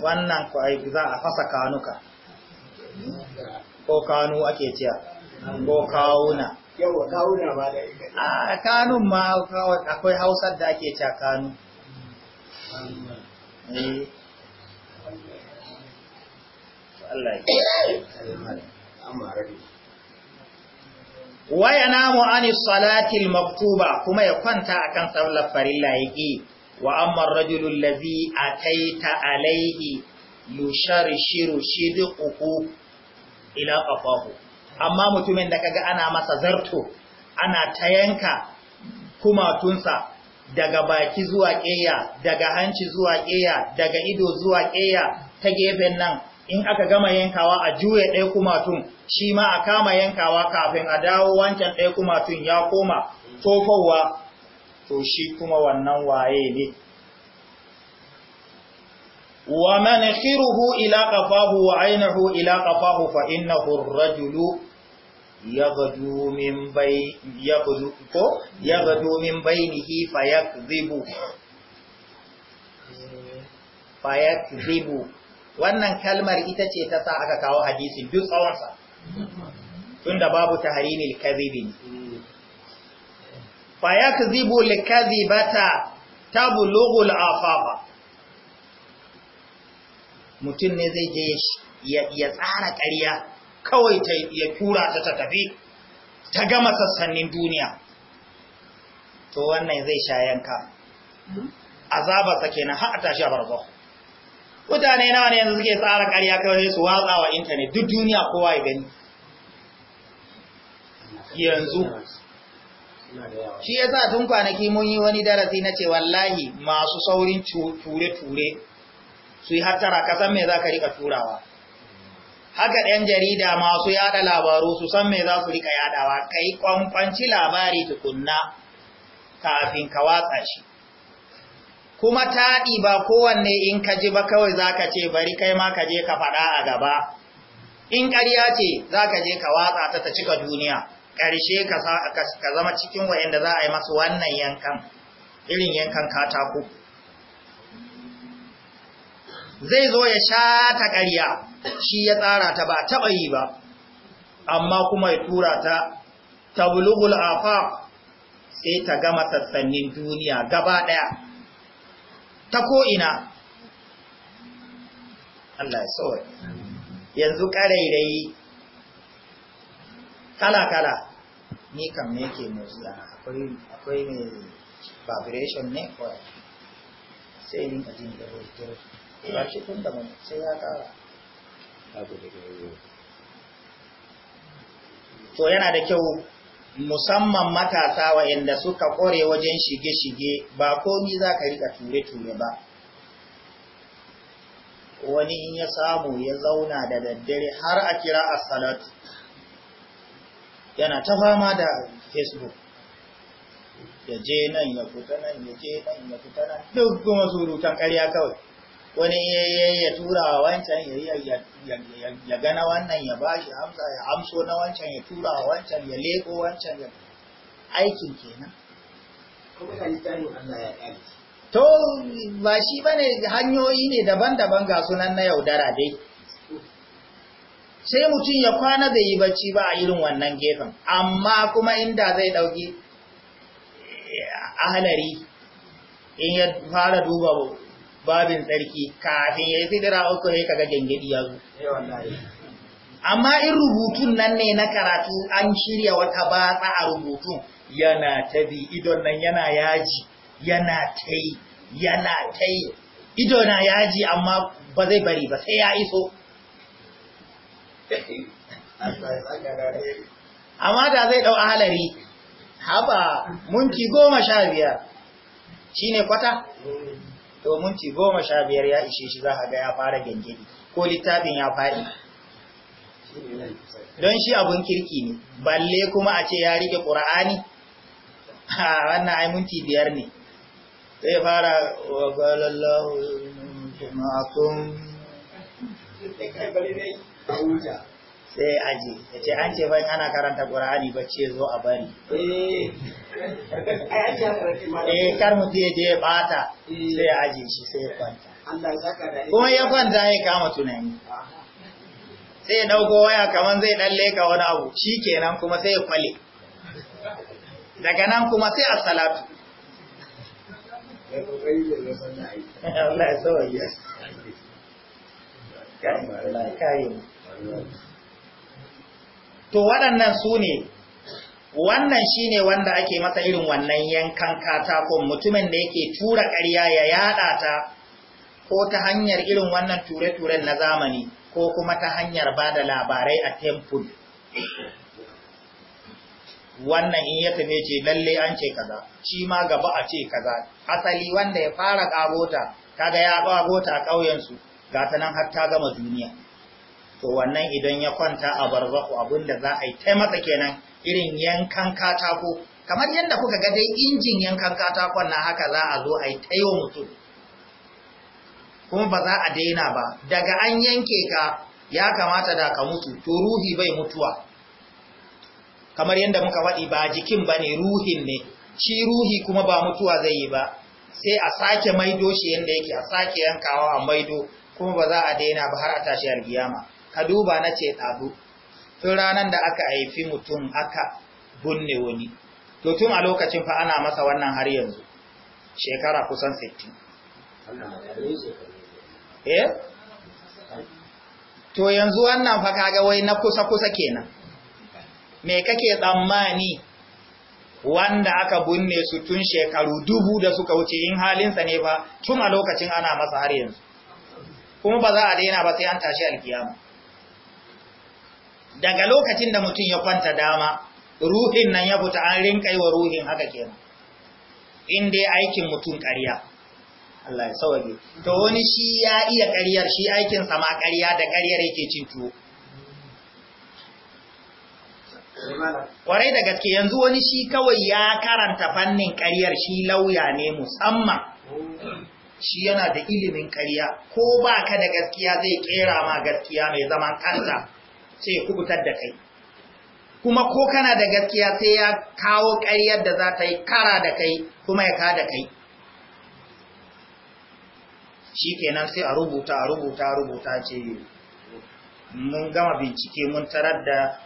[SPEAKER 1] wannan ko aiki za a fasa kanuka ko kanu ake ciya ko kawuna yawa ba da a kanun ma akwai hausar da ake ciya kanu eh.
[SPEAKER 2] Allah
[SPEAKER 1] waya namu ani salatil maktuba kuma ya kwanta akan sallar farilla yake wa amma a ladhi ta alaihi yusharishiru uku, ila qafahu amma mutumin da kaga ana masa zarto ana ta yanka kumatunsa daga baki zuwa ƙeya daga hanci zuwa ƙeya daga ido zuwa ƙeya ta gefen nan in aka gama yankawa a juye ɗaya kumatun shi ma a kama yankawa kafin a dawo wancan ɗaya kumatun ya koma tofowa to shi kuma wannan waye ne wa mana khiruhu ila qafahu wa aynahu ila qafahu fa innahu ar-rajulu yaghdu min bay yaghdu ko yaghdu min baynihi wannan kalmar ita ce ta sa aka kawo hadisi duk tsawonsa tunda babu ta tahrimil kadhibi fa ba ta tablughu al-afafa mutum ne zai je ya tsara ƙarya kawai ya tura ta ta tafi ta gama sassanin duniya to wannan zai yanka. Hmm? azabarsa kenan har a tashi a barzahu mutane nawa ne yanzu suke tsara ƙarya kawai su watsa wa intanet duk duniya kowa ya gani yanzu shi yasa tun kwanaki mun yi wani darasi na ce wallahi masu saurin ture-ture su yi hattara kasan me za ka rika turawa haka ɗan jarida masu yada labaru su san me za su rika yadawa ka yi kwamfanci labari tukunna kafin ka watsa shi kuma taɗi ba kowanne in ka ji ba kawai za ka ce bari kai ma ka je ka faɗa a gaba in ƙarya ce za ka je ka watsa ta ta cika duniya ƙarshe ka zama cikin wa'inda za a yi masu wannan yankan irin yankan katako zai zo ya sha ta ƙarya shi ya tsara ta ba taɓa yi ba amma kuma ya tura ta tabulugul afaq sai ta gama sassanin duniya gaba ɗaya ta ko'ina Allah ya tsawai yanzu ƙarairayi kala-kala ni kam ne ke motsi akwai mai
[SPEAKER 3] vibration ne kawai sai ni ajin da rojitoro
[SPEAKER 2] ba shi
[SPEAKER 1] kun da mai sai ya kara abu da to yana da kyau musamman matasa waɗanda suka ƙware wajen shige-shige ba komi za ka riƙa ture-ture ba wani in ya samu ya zauna da daddare har a kira assalat yana ta fama da facebook ya je nan ya fita nan ya je nan ya fita nan duk kuma surutan ƙarya kawai wani ya tura wa wancan ya gana wannan ya ba shi amsa ya amso na wancan ya tura wa wancan ya leko wancan ya aikin kenan to ba shi ba ne hanyoyi ne daban-daban ga sunan na yaudara dai sai mutum ya kwana bai yi bacci ba a irin wannan gefen amma kuma inda zai ɗauki
[SPEAKER 2] eh,
[SPEAKER 1] ahalari in ya fara duba babin tsarki kafin ya yi sidira uku ne kaga gengedi ya zo eh, amma in rubutun nan ne na karatu an shirya wata batsa a rubutun yana ta bi idon nan yana yaji yana ta yi yana ta yi ido na yaji amma ba zai bari ba sai ya iso amma da zai dau ahalari haba munki goma sha biyar shi ne kwata eh. to minti goma sha biyar ya ishe shi za a ga ya fara gangadi ko littafin ya faɗi don shi abun kirki ne balle kuma a ce ya rike ƙura'ani a wannan ai minti biyar ne sai fara wa galallahu ma'akum sai ya aje ya ce an ce bai ana karanta ba bacci zo a bari eh, eh kar mu ya je bata eh. sai ya aje shi sai ya kwanta kuma ya kwanta ya kama tunani sai ya dauko waya kaman zai dan leka wani abu shikenan kuma sai ya kwale daga nan kuma sai a salatu Allah ya sauya. Kai, to waɗannan su ne wannan shi ne wanda ake masa irin wannan yankan katakon mutumin da yake tura ƙarya ya yaɗa ta ko ta hanyar irin wannan ture-turen na zamani ko kuma ta hanyar ba da labarai a temple wannan in ya tafe ce lalle an ce kaza shi ma gaba a ce kaza asali wanda ya fara ƙagota kaga ya ƙagota a ƙauyensu ga nan har ta gama duniya to wannan idan ya kwanta a barzahu abinda za a yi masa kenan irin yankan katako kamar yadda kuka ga dai injin yankan katakon na haka za a zo a yi taiwo mutum kuma ba za a daina ba daga an yanke ka ya kamata da ka mutu to ruhi bai mutuwa kamar yadda muka faɗi ba jikin ba ne ruhin ne shi ruhi kuma ba mutuwa zai yi ba sai a sake maido shi yadda yake a sake yankawa a maido kuma ba za a daina ba har a tashi alkiyama ka duba na ce ɗazu tun ranar da aka haifi mutum aka bunne wani to tun a lokacin fa ana masa wannan har yanzu shekara kusan
[SPEAKER 3] 60 eh
[SPEAKER 1] to yanzu wannan fa kaga wai na kusa-kusa kenan me kake tsammani wanda aka bunne su tun shekaru dubu da suka wuce in halinsa ne ba tun a lokacin ana masa har yanzu kuma ba za a daina ba sai an tashi alkiyama daga lokacin da mutum ya kwanta dama ruhin nan ya fita an rinka yi wa ruhin haka kenan in dai aikin mutum ƙarya Allah ya sauke to wani shi ya iya ƙaryar shi aikin sa ma ƙarya da ƙaryar yake cin tuwo kwarai da gaske yanzu wani shi kawai ya karanta fannin ƙaryar shi lauya ne musamman shi yana da ilimin ƙarya ko ba ka da gaskiya zai kera ma gaskiya mai zaman kansa sai ya da kai kuma ko kana da gaskiya sai ya kawo ƙaryar da za ta yi kara da kai kuma ya ka da kai shi kenan sai a rubuta a rubuta a rubuta ce mun gama bincike mun tarar da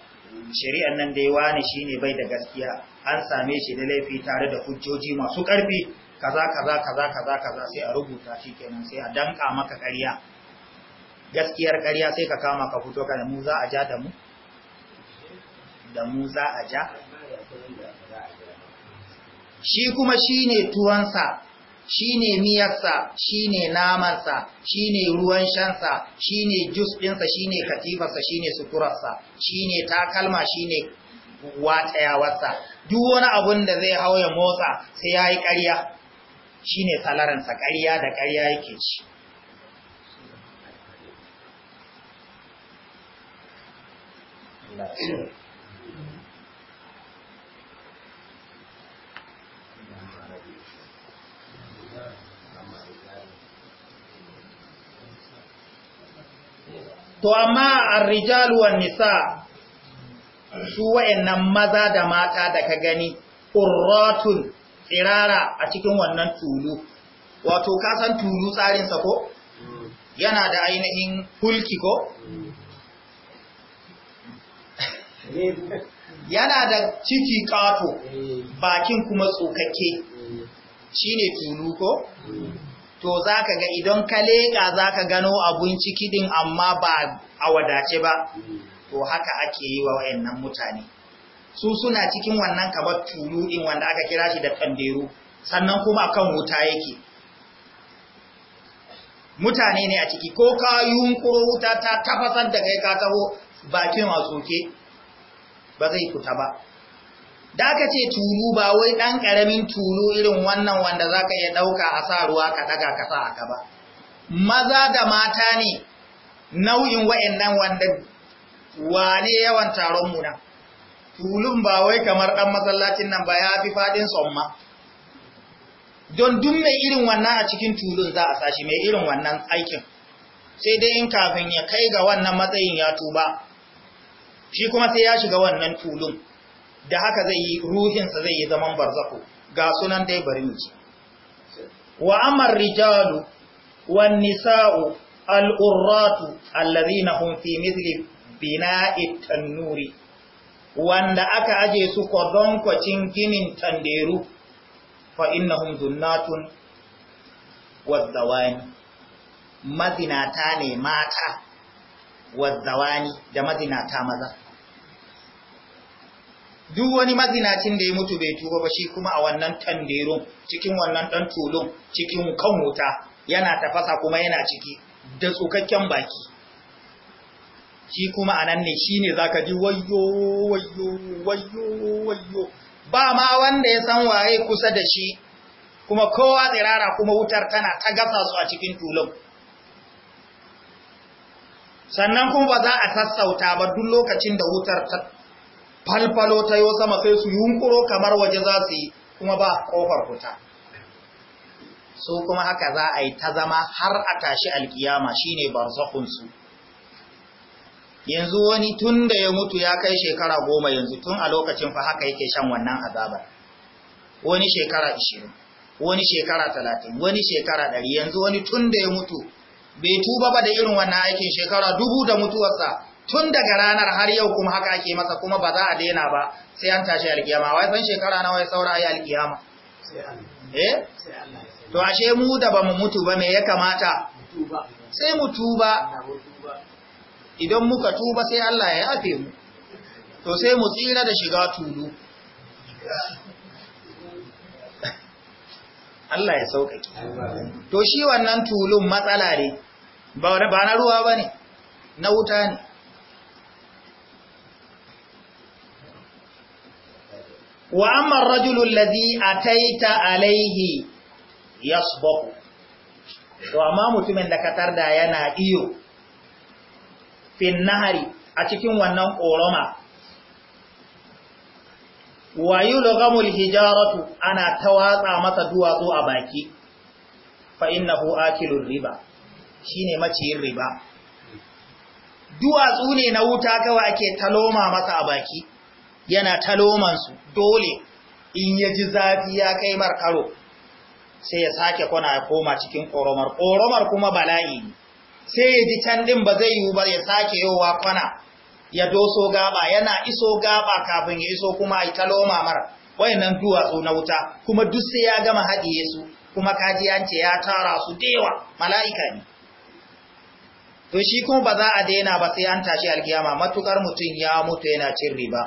[SPEAKER 1] shari'an nan da ya wane shi ne bai da gaskiya an same shi da laifi tare da hujjoji masu ƙarfi kaza kaza kaza kaza kaza sai a rubuta shi kenan sai a danka maka ƙarya gaskiyar ƙarya sai ka kama ka fito ka da mu za a ja da mu da mu za a ja shi kuma shi shine tuwansa ne miyarsa ne namansa ne ruwan shansa ne jus ɗinsa ne katifarsa ne suturarsa ne takalma shi ne watsayawarsa duk wani abun da zai hau ya motsa sai ya yi ƙarya ne salaransa ƙarya da ƙarya yake ci
[SPEAKER 2] الناس To
[SPEAKER 1] amma arrijalu wa nisa su wayannan maza da mata da ka gani ƙurratun tsirara a cikin wannan tulu wato kasan tulu tsarinsa ko yana da ainihin hulki ko yana da ciki ƙato bakin kuma tsokake shi ne tulu ko? to za ka ga idan ka leƙa za ka gano abun ciki din amma ba a wadace ba to haka ake yi wa wayannan mutane su suna cikin wannan kamar tulu din wanda aka kira shi da tanderu sannan kuma kan wuta yake mutane ne a ciki ko ka hunkuro wuta ta tafasar da kai ka taho bakin a tsoke ba zai fita ba da aka ce tulu ba wai ɗan ƙaramin tulu irin wannan wanda za ka iya ɗauka a sa ruwa ka ɗaga ka sa aka ba maza da mata ne nau'in wa'annan wanda wane yawan taron mu na? tulun ba wai kamar ɗan masallacin nan ba ya fi faɗin somma don duk mai irin wannan a cikin tulun za a sashi mai irin wannan aikin sai dai in kafin ya kai ga wannan matsayin ya tuba shi kuma sai ya shiga wannan tulun da haka zai yi ruhinsa zai yi zaman barzako ga sunan dai bari mu ci wa amar rijalu wan nisa'u al urratu allazina hum fi mithli bina'i tanuri wanda aka aje su kwacin ginin tanderu fa innahum wa dawain mazinata ne mata wazzawani da mazinata maza duk wani mazinacin da ya mutu bai tuba ba shi kuma a wannan tanderun cikin wannan dan tulun cikin kan wuta yana tafasa kuma yana ciki da tsukakken baki shi kuma a ne shi ne za ji wayyo, wayyo, wayyo, wayyo? ba ma wanda ya san waye kusa da shi kuma kowa tsirara kuma wutar tana ta gasa su a cikin tulun sannan kuma ba za a sassauta ba duk lokacin da wutar ta falfalo ta yo sama sai su yunkuro kamar waje za su yi kuma ba kofar fita su kuma haka za a yi ta zama har a tashi alkiyama shine barzakhunsu yanzu wani tun da ya mutu ya kai shekara goma yanzu tun a lokacin fa haka yake shan wannan azabar wani shekara ishirin wani shekara talatin wani shekara ɗari yanzu wani tun da ya mutu bai tuba ba da irin wannan aikin shekara dubu da mutuwarsa tun daga ranar har yau kuma haka ake masa kuma ba za a daina ba sai an tashi alkiyama wai san shekara na wai saura ayi alkiyama eh to ashe mu da bamu mutu ba me ya kamata sai mu tuba idan muka tuba sai Allah ya yafe mu to sai mu tsira da shiga tulu Allah ya sauƙaƙe to shi wannan tulun matsala ne ba na ruwa ba ne na wuta ne wa amma rajulun lazi a taita alaihi yasbahu to amma mutumin da ka tarda yana iyo fin nahari a cikin wannan koroma wa yi hijaratu ana ta watsa masa duwatsu a baki fa innahu akilun riba shine maciyin riba duwatsu ne na wuta kawai ake taloma masa a baki yana talomansu dole in ya ji zafi ya kai markaro sai ya sake kwana ya koma cikin koromar koromar kuma bala'i sai ya ji can din ba zai yiwu ba ya sake yowa kwana ya doso gaba yana iso gaba kafin ya iso kuma ya taloma mara nan duwatsu na wuta kuma duk sai ya gama haɗiye su kuma kajiyance ya tara su dewa mala'ika ne to shi kuma ba za a daina ba sai an tashi alkiyama matukar mutum ya mutu yana cin riba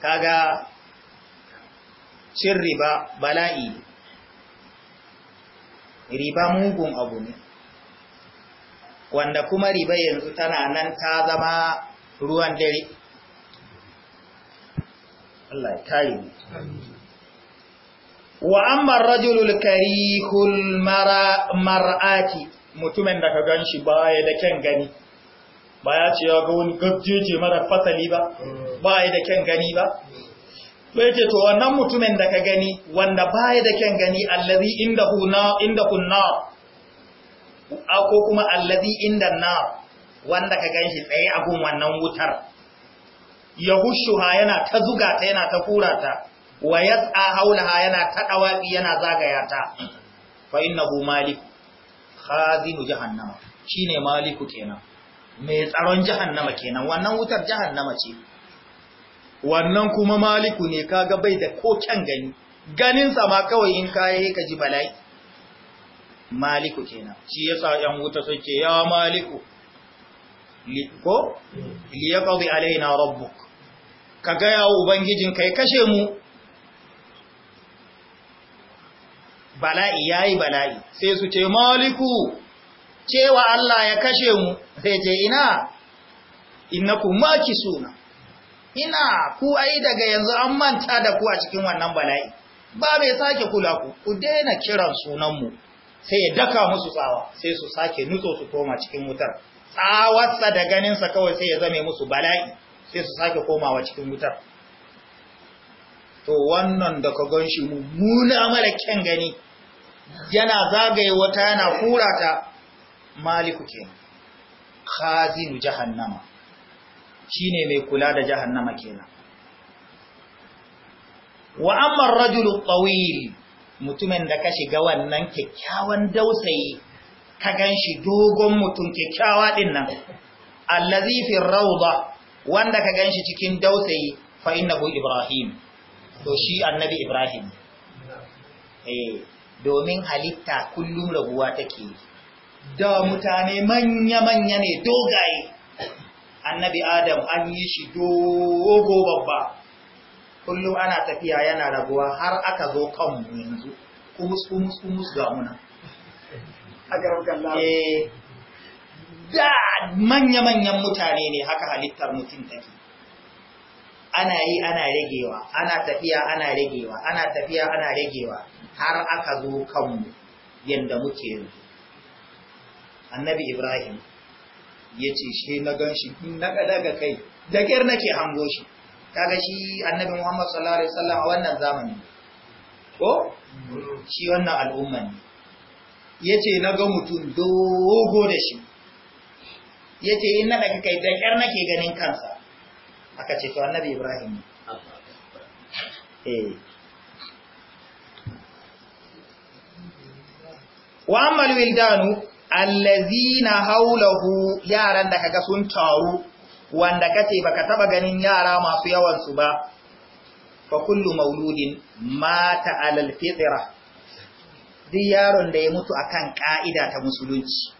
[SPEAKER 1] kaga cin riba bala'i riba mugun abu ne wanda kuma riba yanzu tana nan ta zama ruwan dare Allah ya wa amma rajulul karihul mar'ati mutumin da ka gan shi ya da kyan gani ba ya ce ya ga wani gajeje mara fasali ba ba ya da kyan gani ba to yake to wannan mutumin da ka gani wanda ba ya da kyan gani allazi inda na inda na ko kuma allazi inda na wanda ka gan shi tsaye a gun wannan wutar yahushuha yana ta zuga ta yana ta kura ta wa yas'a haulaha yana ta dawa yana zagaya ta fa innahu malik khazinu jahannama shine maliku kenan mai tsaron jahannama kenan wannan wutar jahannama ce wannan kuma maliku ne kaga bai da ko kyan gani sa ma kawai in kai ka ji bala'i maliku kenan shi yasa yan wuta suke ya maliku ko liyaqdi alaina rabbuk ka ya ubangijin kai kashe mu bala'i ya yi bala'i sai su ce maliku cewa Allah ya kashe mu sai ce ina ku maki suna, ina ku ai daga yanzu an manta da ku a cikin wannan bala'i ba mai sake kula ku ku daina kiran sunanmu mu sai ya daka musu tsawa sai su sake nutso su koma cikin wutar tsawarsa da ganinsa kawai sai ya zame musu bala'i sai su sake komawa cikin wutar to wannan da ka gan shi mummuna mara kyan gani yana zagaye wata yana kura ta maliku ke khazinu jahannama shine mai kula da jahannama kenan wa amma rajulu tawil mutumin da ka shiga wannan kyakkyawan dausayi ka ganshi dogon mutum kyakkyawa din nan allazi fi rawda wanda ka ganshi cikin dausayi fa innahu ibrahim to shi annabi ibrahim eh domin halitta kullum raguwa take da mutane manya-manya ne dogaye annabi adam an yi shi dogo babba kullum ana tafiya yana raguwa har aka zo kanmu yanzu kumus kumus kumus ga muna eh, da manya-manyan mutane ne haka halittar mutum take ana yi ana ragewa ana tafiya ana ragewa ana tafiya ana ragewa har aka zo kanmu yadda muke yanzu annabi ibrahim ya ce shi na gan shi na daga kai da kyar nake hango shi kaga shi annabi muhammad sallallahu alaihi wasallam a wannan zamani ko shi wannan al'umman ya ce na ga mutum dogo da shi ya ce in na daga kai da kyar nake ganin kansa
[SPEAKER 3] aka ce to annabi ibrahim eh
[SPEAKER 1] wa ammal allazi allazina haulahu yaran da kaga sun taru wanda kace baka taba ganin yara masu yawan su ba fa kullu mauludin mata alal fitra duk yaron da ya mutu akan ka'ida ta musulunci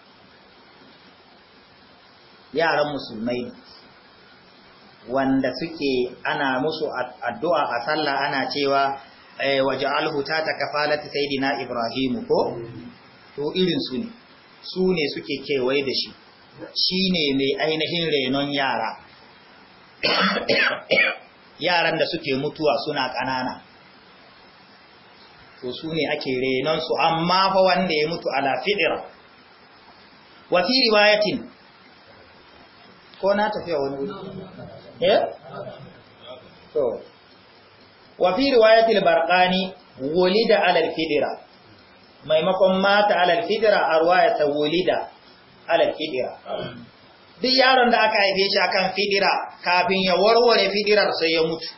[SPEAKER 1] yaran musulmai wanda suke ana musu addu'a a sallah ana cewa eh, waj'alhu ta takafalati sayidina ibrahimu ko to irin su ne su ne suke kewaye da shi shi ne mai ainihin renon yara yaran da suke mutuwa suna ƙanana to su ne ake renon su amma fa wanda ya mutu ala fi'ira wa fi riwayatin ko na tafiya wani wuri eh to wa fi riwayatil barqani wulida ala al-fidira maimakon mata alalfiɗira a ruwaya ta wulida alal duk yaron da aka haife shi akan fidira kafin ya warware fidirar sai ya mutu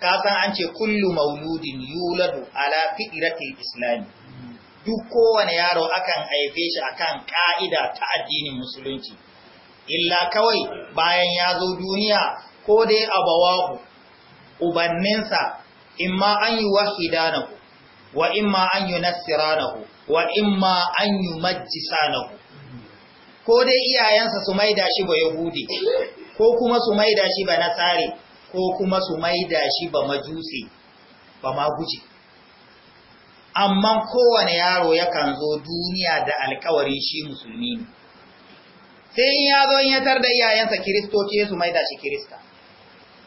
[SPEAKER 1] kasan an ce kullu mauludin yuladu ala fidiratil islami duk kowane yaro akan haife shi akan ka'ida ta addinin musulunci illa kawai bayan ya zo duniya ko dai abawahu ubanninsa in ma an yi ku. wa imma an ku. wa imma an ku. ko dai iyayensa su maida shi ba yahudi ko kuma su maida shi ba nasari ko kuma su maida shi ba majusi ba maguji amma kowane yaro yakan zo duniya da alkawarin shi musulmi ne sai in ya zo in ya tar da iyayensa kiristoci su maida shi kirista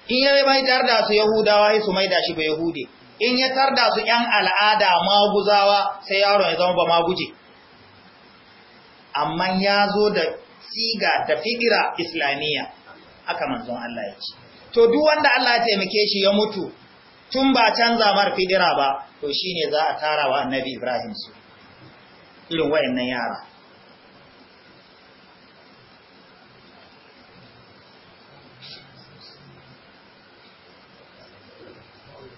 [SPEAKER 1] in ya maidar da su yahudawa su maida shi ba yahudi in ya tarda su ‘yan al'ada maguzawa sai yaron ya zama ba maguje amma ya zo da siga da fikira islamiyya aka manzon Allah ya ce to duk wanda Allah ya taimake shi ya mutu tun ba canza mar fikira ba to shine za a tara wa annabi Ibrahim su irin wayannan yara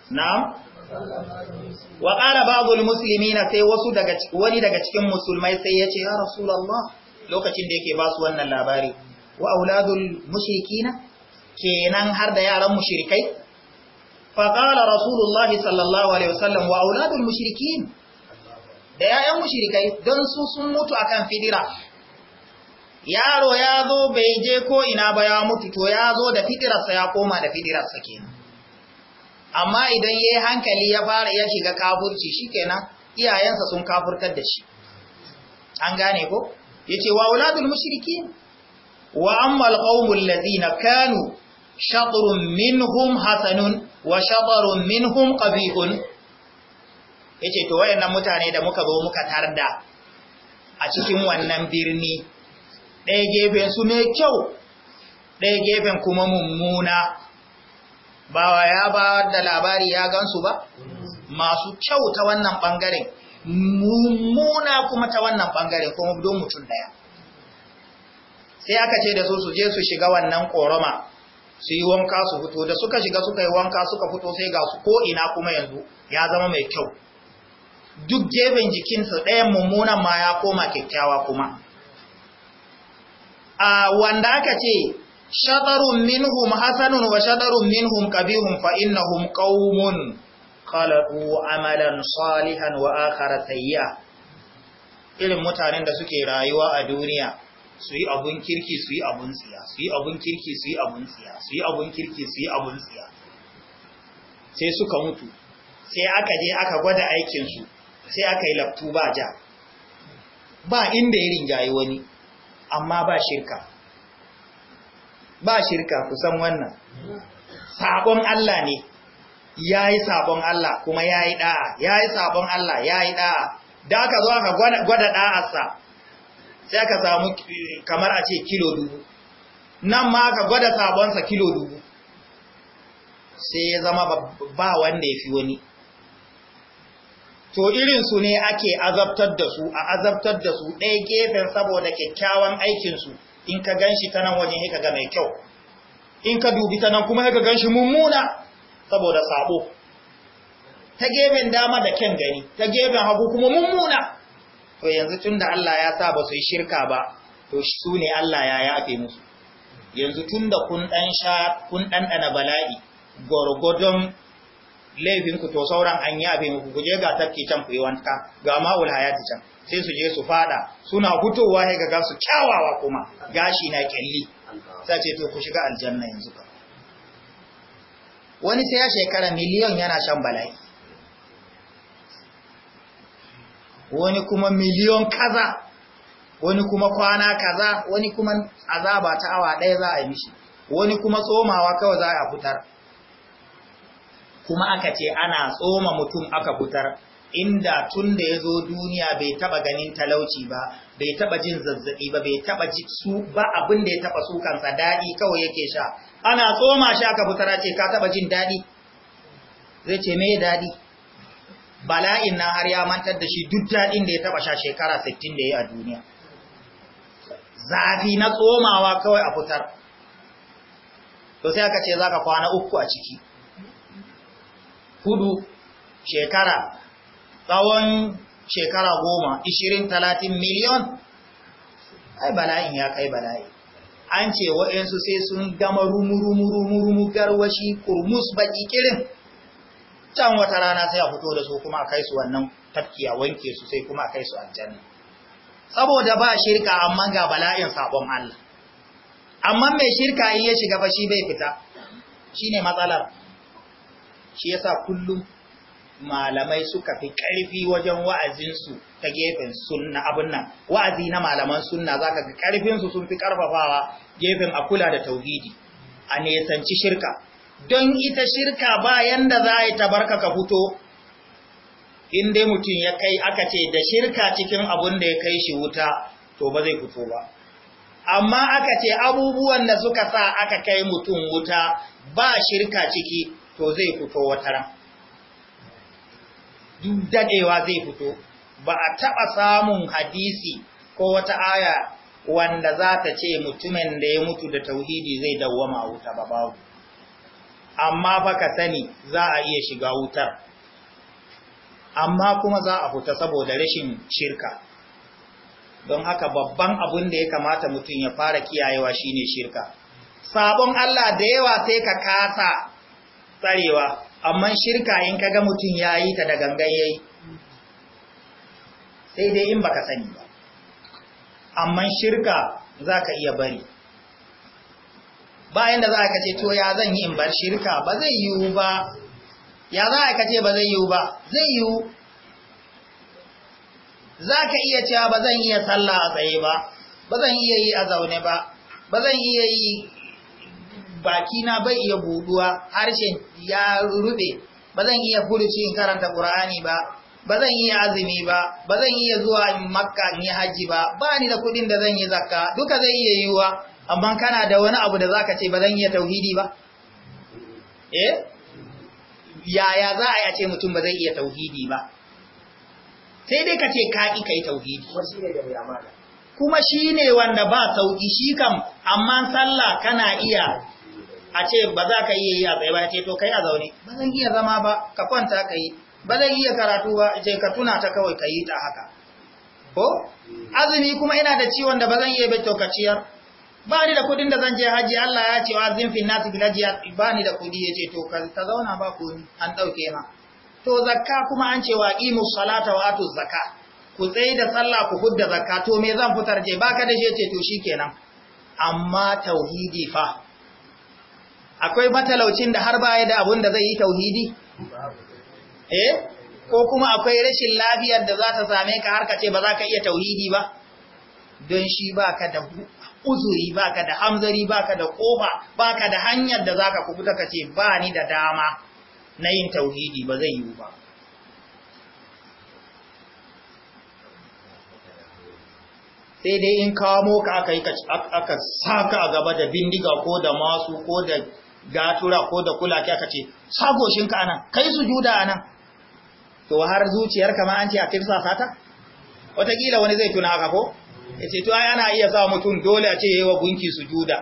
[SPEAKER 1] Na'am wa ƙara babul musulmi na sai wasu wani daga cikin musulmai sai ya ce ya rasulallah lokacin da yake ba su wannan labari wa auladul mushrikina kenan har da yaran mushrikai faƙala rasulullah sallallahu alaihi wasallam wa auladul mushrikin da ‘ya'yan mushrikai don su sun mutu akan fidira yaro ya zo bai je ko ina ba ya mutu to ya zo da fidirarsa ya koma da fidirarsa kenan amma idan ya yi hankali ya fara ya shiga kafurci shi kenan iyayensa sun kafurtar da shi an gane ko ya ce wa wuladul mashirki wa ammal qawmul ladina kanu shatrun minhum hasanun wa shatrun minhum qabihun yace to wayannan mutane da muka zo muka tarda a cikin wannan birni ɗaya gefen su ne kyau ɗaya gefen kuma mummuna wa ya ba da labari ya gansu ba masu kyau ta wannan bangaren mummuna kuma ta wannan bangaren kuma don mutum daya sai aka ce da su su je su shiga wannan koroma su yi wanka su fito da suka shiga suka yi wanka suka fito sai ga su ko'ina kuma yanzu ya zama mai kyau duk gefen jikinsu ɗayan mummunan ma ya koma kyakkyawa kuma a wanda aka ce shatarun minhum hasanun wa shatarun minhum kabihun fa innahum qaumun khalaqu amalan salihan wa akhara sayya irin mutanen da suke rayuwa a duniya su yi abun kirki su yi abun tsiya su yi abun kirki su yi abun tsiya su yi abun kirki su yi abun tsiya sai suka mutu sai aka je aka gwada aikin su sai aka yi laftu ba ja ba inda irin rinjayi wani amma ba shirka ba shirka ku san wannan sabon Allah ne yayi sabon Allah kuma yayi da'a yayi sabon Allah yayi da'a da aka zo aka gwada da'arsa sai aka samu eh, kamar a ce kilo dubu nan ma ka gwada sabonsa kilo dubu sai ya zama ba wanda ya fi wani to irinsu ne ake azabtar da su a azabtar da su ɗaya gefen saboda kyakkyawan aikinsu in ka ganshi ta nan wajen sai ga mai kyau in ka dubi ta nan kuma sai ka ganshi mummuna saboda sabo ta gefen dama da kyan gani ta gefen hagu kuma mummuna to yanzu tunda Allah ya sa ba su yi shirka ba to su ne Allah ya yafe musu yanzu tunda kun dan sha kun dan dana bala'i gorgodon laifinku to sauran an yafe muku guje ga tafki can ku yi wanka ga ma'ul hayati can sai su je su fada suna hutowa ya ga su kyawawa kuma gashi na kyalli sai ce to ku shiga aljanna yanzu ka wani sai ya shekara miliyon yana shan bala'i wani kuma miliyon kaza wani kuma kwana kaza wani kuma azaba ta awa ɗaya za a yi mishi wani kuma tsomawa kawai za a fitar kuma aka ce ana tsoma mutum aka fitar inda tun da ya zo duniya bai taba ganin talauci ba bai taba jin zazzabi ba bai taba ji su ba abin da ya taba su kansa daɗi kawai yake sha ana tsoma shi aka fitara ce ka taba jin daɗi zai ce me daɗi bala'in na har ya mantar da shi duk daɗin da ya taba sha shekara 60 da ya a duniya zafi na tsomawa kawai a fitar to sai aka ce zaka kwana uku a ciki hudu shekara tsawon shekara goma ishirin talatin miliyon ai bala'in ya kai bala'i an ce wa'yansu sai sun gama rumu-rumu-rumu garwashi kurmus baki kirin can wata rana sai a fito da su kuma a kai su wannan tafkiya wanke su sai kuma a kai su aljanna saboda ba shirka amma ga bala'in sabon Allah amma mai shirka iya shiga fashi bai fita Shi ne matsalar shi ya sa kullum malamai suka fi ƙarfi wajen wa'azinsu ta gefen sunna abin nan wa'azi na malaman sunna za ka ga ƙarfinsu sun fi ƙarfafawa gefen a kula da tauhidi a nesanci shirka don ita shirka bayan da za a yi tabarka ka fito in dai mutum ya kai aka ce da shirka cikin abin da ya kai shi wuta to ba zai fito ba amma aka ce abubuwan da suka sa aka kai mutum wuta ba shirka ciki to zai fito wataran duk dadewa zai fito ba a taba samun hadisi ko wata aya wanda za ta ce mutumin da ya mutu da tauhidi zai dawwama wuta ba babu amma fa ka sani za a iya shiga wutar amma kuma za a fita saboda rashin shirka don haka babban abin da ya kamata mutum ya fara kiyayewa shine shirka sabon Allah da yawa sai ka kasa tsarewa amma shirka in kaga mutum ya yi ta da gangan yayi sai dai in baka sani ba amma shirka zaka iya bari bayan da za ka ce to ya zan yi in bar shirka ba zai yiwu ba ya za ka ce ba zai yiwu ba zai yiwu za ka iya cewa ba zan iya sallah a tsaye ba ba zan iya yi a zaune ba ba zan iya yi baki na bai iya buduwa harshen ya rube ba zan iya furuci in karanta qur'ani ba ba zan iya azumi ba ba zan iya zuwa makka in haji ba ba ni da kuɗin da zan yi zakka duka zai iya yiwuwa amma kana da wani abu da zaka ce ba zan iya tauhidi ba eh yaya za a yace mutum ba zai iya tauhidi ba sai dai ka ce ka ƙi kai tauhidi kuma shi ne wanda ba sauƙi shi kam amma sallah kana iya a ce ba za ka iya yi a tsaye ba ce to kai a zaune ba zan iya zama ba ka kwanta ka yi ba zan iya karatu ba ce ka tuna ta kawai ka yi ta haka ko azumi kuma ina da ciwon da ba zan iya bai to ka ciyar ba ni da kudin da zan je haji Allah ya ce wa azin fi nasi bil haji ba ni da kudi yace to ka zauna ba ku an dauke ma to zakka kuma an ce wa imu salata wa atu zakka ku tsaye da sallah ku hudda zakka to me zan fitar je baka da shi yace to shikenan amma tauhidi fa akwai matalaucin da har baya da abun da zai yi tauhidi eh ko kuma akwai rashin lafiyar da za ta same ka har ka ce ba za ka iya tauhidi ba don shi baka da uzuri baka da hamzari baka da ba baka da hanyar da za ka kubuta ka ce ba ni da dama na yin tauhidi ba zai yiwu ba sai dai in kawo ka aka yi aka saka a gaba da bindiga ko da masu ko da gatura ko da kula ki aka ce sagoshinka anan kai sujuda anan to har zuciyar ma an ce a tirsa sata wataƙila wani zai tuna haka ko ya ce to ai ana iya sa mutum dole a ce yayi wa gunki sujuda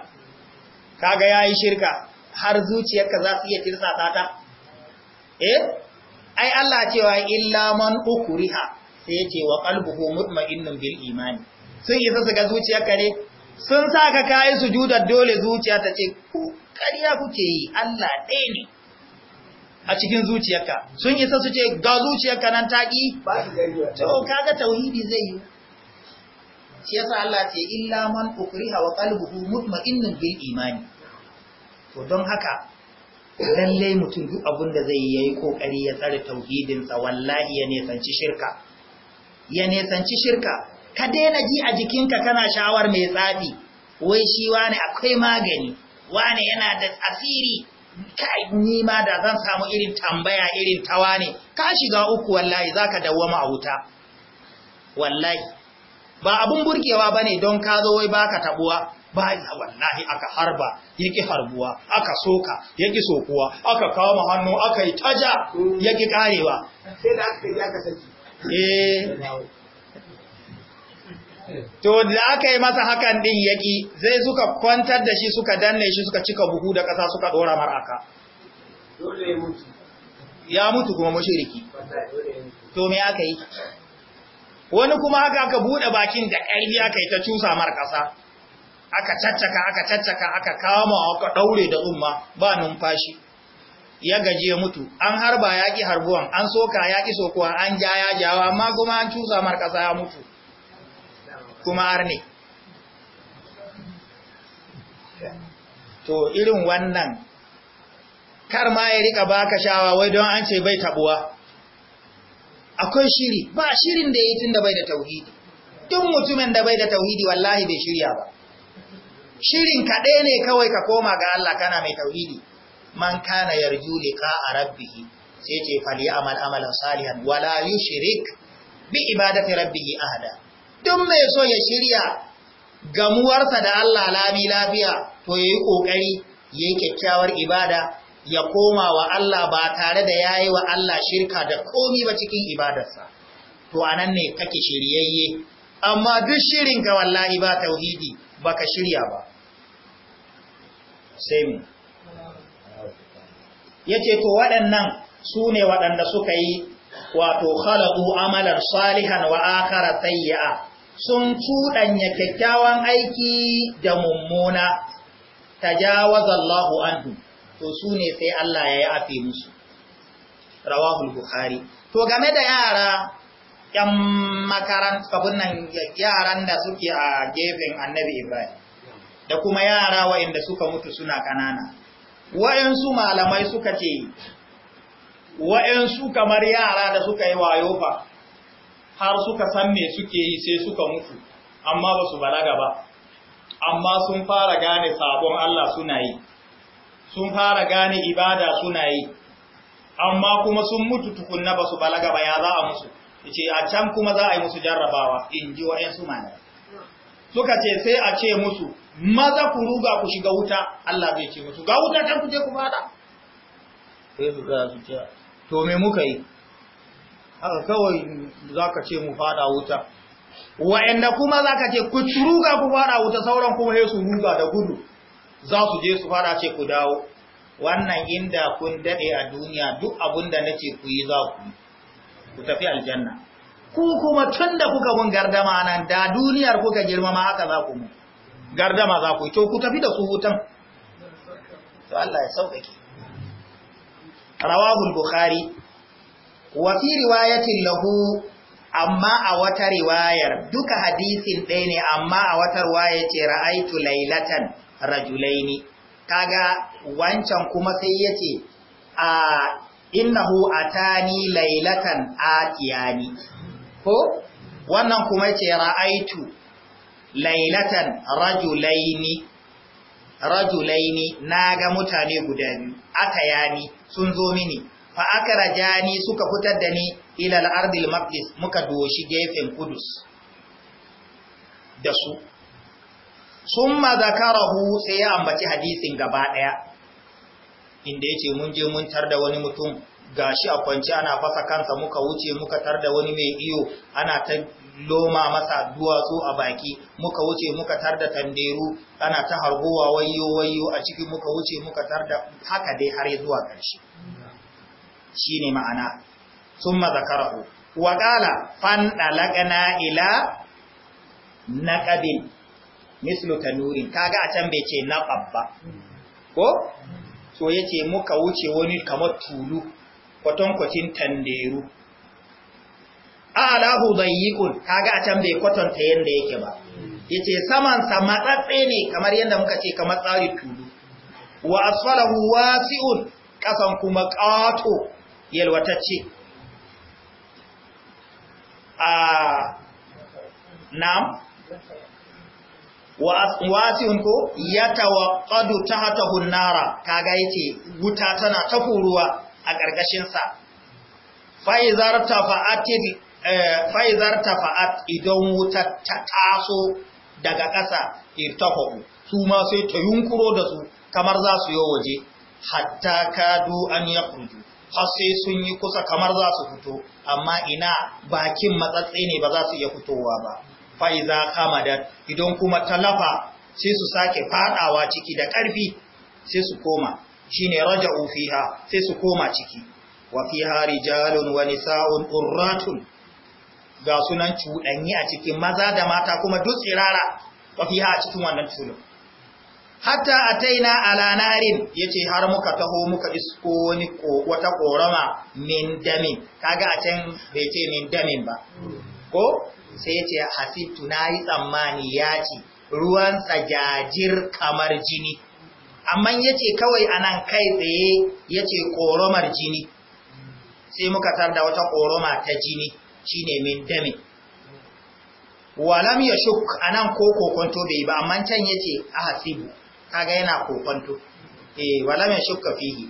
[SPEAKER 1] kaga yayi shirka har zuciyarka za su iya tirsa sata eh ai Allah cewa illa man ukriha sai yace wa qalbuhu mutma'innun bil imani sun yi ga zuciyarka ne sun saka kai juda dole zuciya ta ce ƙarya kuke yi Allah ɗaya ne a cikin zuciyarka sun isa su ce ga zuciyarka nan ta ƙi to kaga tauhidi zai yi shi sa Allah ce illa man hawa wa mutma, mutma'innun bil imani to don haka lallai mutum duk abin da zai yi kokari ya tsare tauhidinsa wallahi ya nesanci shirka ya nesanci shirka ka daina ji a jikinka kana shawar mai tsafi wai shi wani akwai magani wane yana da asiri kai ni ma da zan samu irin tambaya irin tawa ne ka shiga uku wallahi zaka dawwama a wuta wallahi ba abun burgewa bane don ka zo wai baka tabuwa baya wallahi aka harba yake harbuwa aka soka yake sokuwa aka kama hannu aka yi taja yake karewa sai da aka yi aka saki eh to da aka yi masa hakan din yaki zai suka kwantar da shi suka danne shi suka cika buhu da ƙasa suka ɗora mar'aka ya mutu kuma mashiriki to me aka yi wani kuma haka aka buɗe bakin da ƙarfi aka yi ta cusa mar ƙasa aka caccaka aka caccaka aka kama aka ɗaure da umma ba numfashi ya gaji ya mutu an harba yaƙi harbuwan an soka yaƙi sokuwa an ja ya jawa amma kuma an cusa mar ƙasa ya mutu kuma arne to irin wannan kar ma ya rika baka shawa wai don an ce bai tabuwa akwai shiri ba shirin da yi tun da bai da tauhidi Tun mutumin da bai da tauhidi wallahi bai shirya ba shirin kaɗai ne kawai ka koma ga Allah kana mai tauhidi man kana yarju liqa rabbih sai ce fali amal amalan salihan wala yushrik bi ibadati rabbih ahada duk mai so ya shirya gamuwarsa da Allah lafi lafiya to ya yi ƙoƙari ya yi kyakkyawar ibada ya koma wa Allah ba tare da ya yi wa Allah shirka da komi ba cikin ibadarsa to a nan ne kake shiryayye amma duk shirin ga wallahi ba tauhidi ba ka shirya ba sai mu yace to waɗannan su ne waɗanda suka yi wato khalaqu amalar salihan wa akhara sayyi'a sun cuɗanya kyakkyawan aiki da mummuna ta Allahu anhu to su ne sai Allah ya yi afe musu rawahul bukhari to game da yara yan makaranta nan yaran da suke a gefen annabi ibrahim da kuma yara waɗanda suka mutu suna kanana waɗansu malamai suka ce waɗansu kamar yara da suka yi wayo fa har suka san me suke yi sai suka mutu amma ba su balaga ba amma sun fara gane sabon Allah suna yi sun fara gane ibada suna yi amma kuma sun mutu tukunna ba su balaga ba ya za a musu ce a can kuma za a yi musu jarrabawa in ji wa'yansu mana suka ce sai a ce musu maza ku ruga ku shiga wuta Allah zai ce musu ga wuta can ku je ku fada sai su ga su ce to me muka yi haka kawai za ka ce mu fada wuta wa'anda kuma za ka ce ku turuga ku fada wuta sauran kuma sai su ruga da gudu za su je su fada ce ku dawo wannan inda kun dade a duniya duk abin da nace ku yi za ku ku tafi aljanna ku kuma tun da kuka bin gardama nan da duniyar kuka girmama haka za ku mu gardama za ku to ku tafi da su hutan to Allah ya sauƙaƙe rawahul bukhari wa fi riwayatin lahu amma a wata riwayar duka hadisin ɗaya ne amma a wata riwayar ce ra'aitu lailatan rajulaini kaga wancan kuma sai yace a innahu atani lailatan atiyani ko wannan kuma ce ra'aitu lailatan rajulaini rajulaini naga mutane guda biyu yani, sun zo mini fa akarajani suka fitar da ni ila al-ardil maqdis muka doshi gefen Kudus da su summa zakarahu sai ya ambaci hadisin gaba daya inda yace mun je mun tar da wani mutum gashi a kwance ana fasa kansa muka wuce muka tar da wani mai iyo ana ta loma masa duwatsu a baki muka wuce muka tar da tanderu ana ta hargowa wayo wayo a ciki muka wuce muka tar da haka dai har zuwa ƙarshe shine ma'ana summa zakarahu wa qala fan dalaqna ila naqabin mislu kanurin kaga a can bai ce na ko so yace muka wuce wani kamar tulu kwatankwacin tanderu alahu dayyikun kaga a can bai kwatanta yanda yake ba yace saman sa matsatse ne kamar yadda muka ce kamar tsari tulu wa asfalahu wasi'un kasan kuma qato yalwatacce a nam wasiun ko ya tawaddu ta an hunnara. kaga yace wuta tana ta a gargashin sa faizar tafa'at eh, tafa'atil tafa'at idan wuta ta taso daga ƙasa irtahu su ma sai ta yunkuro da su kamar za su yi waje hatta kadu an yakhruju har sai sun yi kusa kamar za su fito amma ina bakin matsatse ne ba za su iya fitowa ba fa'iza da idan kuma talafa sai su sake fadawa ciki da ƙarfi sai su koma shine raja'u fiha sai su koma ciki wa fiha rijalun wa nisa'un urratun ga sunan cuɗanyi a cikin maza da mata kuma duk tsirara wa fiha a cikin wannan tulun hatta ataina ala narin yace har muka taho muka isko wani wata korama min damin kaga a can bai ce min damin ba ko sai yace hasibtu nayi tsammani yaci ruwan tsajajir kamar jini amma yace kawai anan kai tsaye yace koromar jini sai muka tarda wata koroma ta jini shine min damin walam yashuk anan ko kokonto bai ba amma can yace ahasibu kaga yana kokonto eh wala mai shukka fihi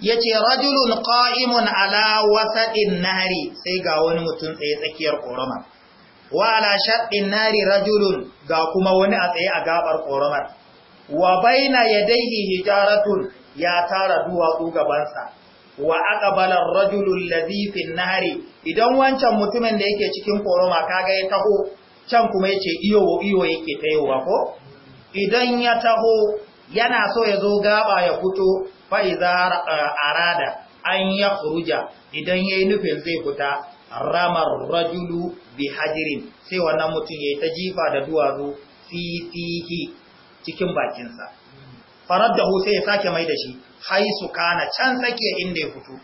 [SPEAKER 1] yace rajulun qa'imun ala wasatin nahri sai ga wani mutum tsaye tsakiyar korama wa ala shaddin nari rajulun ga kuma wani a tsaye a gabar koramar wa baina yadayhi hijaratun ya tara duwatsu gabansa wa aqbala ar-rajulu na fi an idan wancan mutumin da yake cikin korama kaga ya taho can kuma yace iyo iyo yake tayowa ko idan ya taho yana so ya zo gaba ya fito fa'iza eh, arada an ya kuruja idan ya yi nufin zai fita ramar rajulu bi hajirin sai wannan mutum ya yi ta jifa da duwatsu fifihi cikin bakinsa farar da sai ya sake mai da shi su kana can tsakiya inda ya fito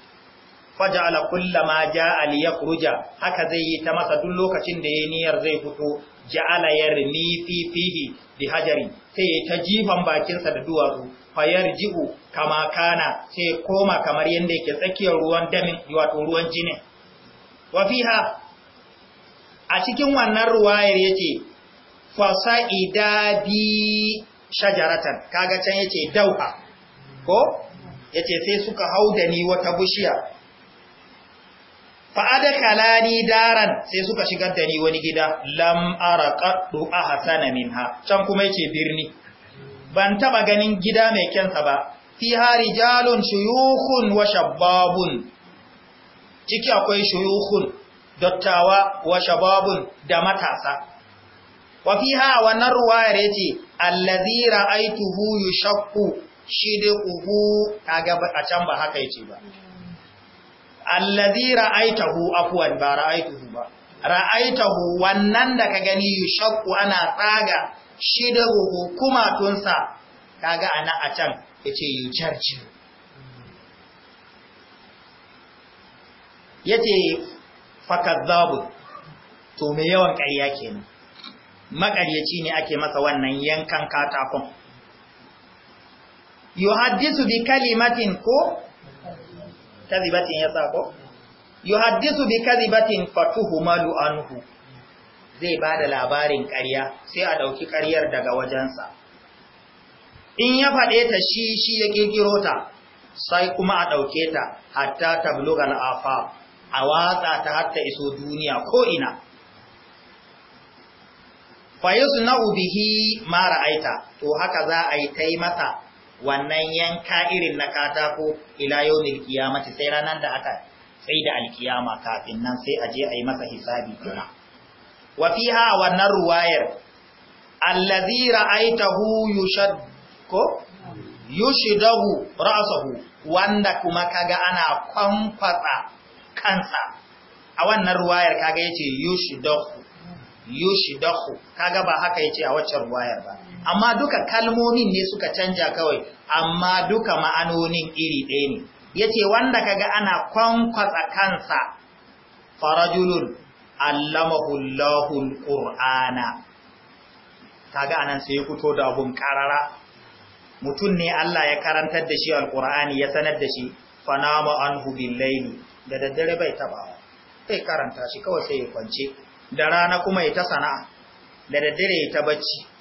[SPEAKER 1] faja ala kulla ma ja ali ya kuruja haka zai yi ta masa duk lokacin da ya zai fito ja'ala yarmi fi fihi bi hajari sai ta jifan bakinsa da duwatsu fayarji'u kama kana sai koma kamar yanda yake tsakiyar ruwan damin wato ruwan jinin wa fiha a cikin wannan ruwayar yace fasa'ida bi shajaratan kaga can yace dauha ko yace sai suka hau da ni wata bishiya fa'ada kalani daran sai suka shigar da ni wani gida lam ara qaddu ahsana minha can kuma yace birni ban taba ganin gida mai kyansa ba fiha rijalun shuyukhun wa shababun ciki akwai shuyukhun dattawa wa shababun da matasa wa ha wannan ruwayar yace allazi ubu. yashqu shiduhu a can ba haka yace ba allazi ra'aitahu afwan ba ra'aituhu ba ra'aitahu wannan da ka gani shakku ana tsaga shidahu tunsa kaga ana a can yace charge yace fakazzabu to me yawan ƙarya kenan maƙaryaci ne ake masa wannan yankan katakon yuhaddisu bi kalimatin ko kadhibatin ya sako yuhaddisu bi fatuhu fatuhumalu anhu zai ba da labarin ƙarya sai a ɗauki ƙaryar daga wajensa in ya faɗe ta shi shi ya ƙirƙiro ta sai kuma a ɗauke ta hatta tablugal afa a watsa ta hatta iso duniya ko ina fayus na ubihi mara aita to haka za a yi tai mata wannan yanka irin na katako ila yawmil ce, sai ranar da aka sai da alkiyama kafin nan sai aje yi masa hisabi kuma wa fiha wannan ruwayar allazi ra'aitahu yushad ko ra'sahu wanda kuma kaga ana kwamfatsa kansa a wannan ruwayar kaga yace yushidahu yushidahu kaga ba haka yace a waccan ruwayar ba amma duka kalmomin ne suka canja kawai amma duka ma'anonin iri ɗaya ne yace wanda kaga ana kwankwasa kansa farajulun allamahu Allahul alqur'ana kaga anan sai ya fito da abun karara mutum ne Allah ya karantar da shi alqur'ani ya sanar da shi fanama anhu billayli da daddare bai taba sai karanta shi kawai sai ya kwance da rana kuma ya ta sana'a da daddare ya ta bacci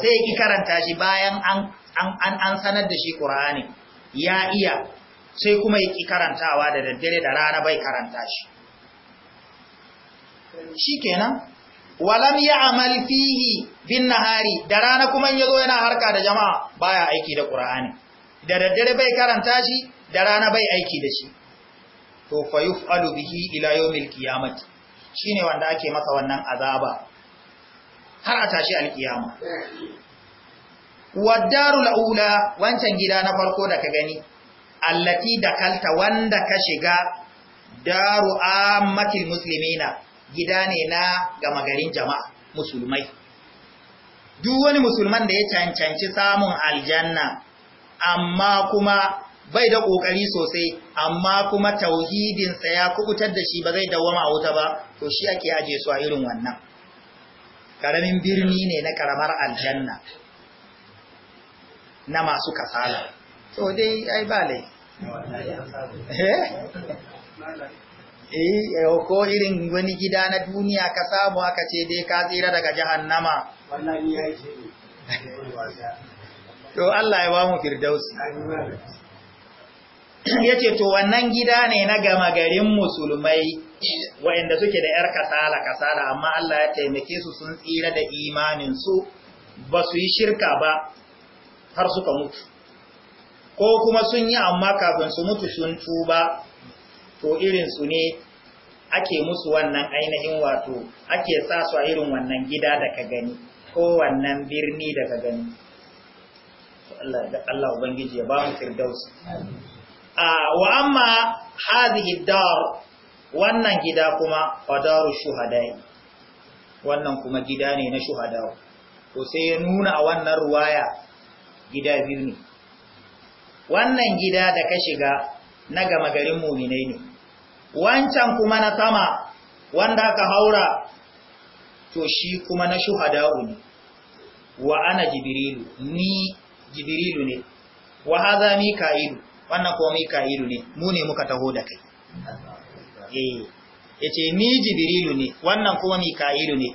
[SPEAKER 3] sai ki karanta
[SPEAKER 1] shi bayan an sanar da shi ƙura'ani ya iya sai kuma yi ki karantawa da daddare da rana bai karanta shi shi kenan walam ya amal fihi bin nahari da rana kuma ya zo yana harka da jama'a baya aiki da ƙura'ani da daddare bai karanta shi da rana bai aiki da shi to fa yuf'alu bihi ila yawmil qiyamah shine wanda ake masa wannan azaba har a tashi alkiyama waddaru la'ula wancan gida na farko da ka gani allati da kalta wanda ka shiga daru ammatil muslimina gida ne na gama garin jama'a musulmai duk wani musulman da ya cancanci samun aljanna amma kuma bai da ƙoƙari sosai amma kuma tauhidinsa ya kubutar da shi ba zai dawama a wuta ba to shi ake aje su a irin wannan Karamin birni ne na ƙaramar aljanna na masu kasala So dai ai ba lai eh, eh ko irin wani gida na duniya ka samu aka ce dai ka tsira daga jahannama wannan ya ce to Allah ya ba mu firdausi yace to wannan gida ne na gama garin musulmai wa'anda suke da ‘yar kasala kasala amma Allah ya taimake su sun tsira da imanin su ba su yi shirka ba har suka mutu ko kuma sun yi amma kafin su mutu sun tuba to irin su ne ake musu wannan ainihin wato ake sa su a irin wannan gida da gani ko wannan birni da ka gani Allah Ubangiji ya ba mu firdausi. Ah, wa amma hadhihi dar wannan gida kuma fadaru shuhadai wannan kuma gida ne na shuhadawa to sai ya nuna a wannan ruwaya gida biyu ne wannan gida da ka shiga na gama garin muminai ne wancan kuma na sama wanda ka haura to shi kuma na shuhada'u ne wa ana jibrilu ni jibrilu ne wa hadha mika'il wannan kuma mika'il ne mu ne muka taho da kai Eh, yace ni jibrilu ne wannan kuma mika'ilu ne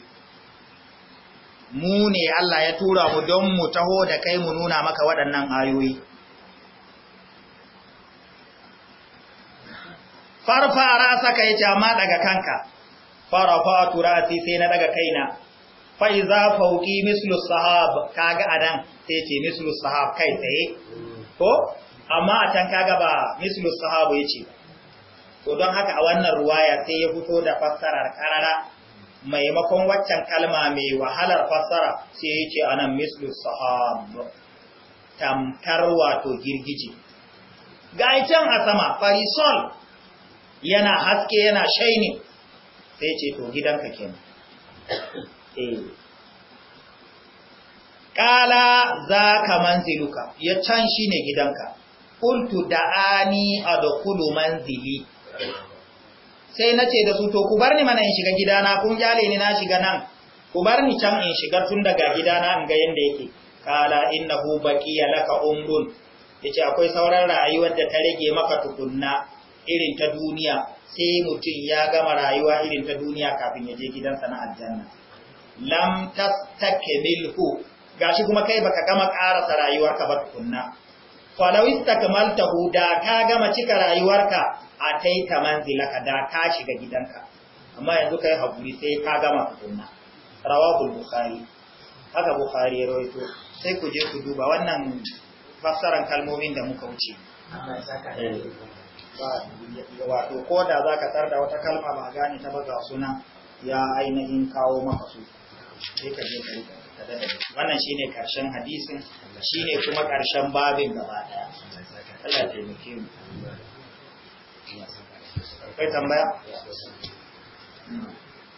[SPEAKER 1] mu ne Allah ya tura mu don mu taho da kai mu nuna maka waɗannan ayoyi farfa ra'saka yace amma daga kanka farafa turati sai na daga kaina fa iza fawqi mislu sahab kaga adan sai ce mislu sahab kai tsaye ko amma a can kaga ba mislu sahab yace ba to don haka a wannan ruwaya sai ya fito da fassarar karara maimakon waccan kalma mai wahalar fassara sai ya ce anan mislu sahab tamkar wato girgije ga can a sama farisol yana haske yana shaini sai ce to gidanka kenan Ƙala eh. za ka manziluka, ya can shi ne gidanka, kuntu da'ani ani a da kulu manzili, sai na ce da su to ku bar ni mana in shiga gidana kun kyale ni na shiga nan ku bar ni can in shiga tun daga gidana in ga yanda yake kala innahu baqiya laka umrun yace akwai sauran rayuwar da ta rage maka tukunna irin ta duniya sai mutum ya gama rayuwa irin ta duniya kafin ya je gidansa na aljanna lam tastakmilhu gashi kuma kai baka gama karasa rayuwarka ba tukunna falau istakmaltahu da ka gama cika rayuwarka a taita ka da ka shiga gidanka amma yanzu kai haƙuri sai ka gama tukunna rawahul bukhari haka bukhari ya rawaito sai ku je ku duba wannan fassaran kalmomin da muka wuce wato ko da za ka tarda wata kalma ba gane ta baga suna ya ainihin kawo maka su sai ka je ka wannan shine karshen hadisin shine kuma karshen babin gaba daya Allah ya taimake mu akwai tambaya?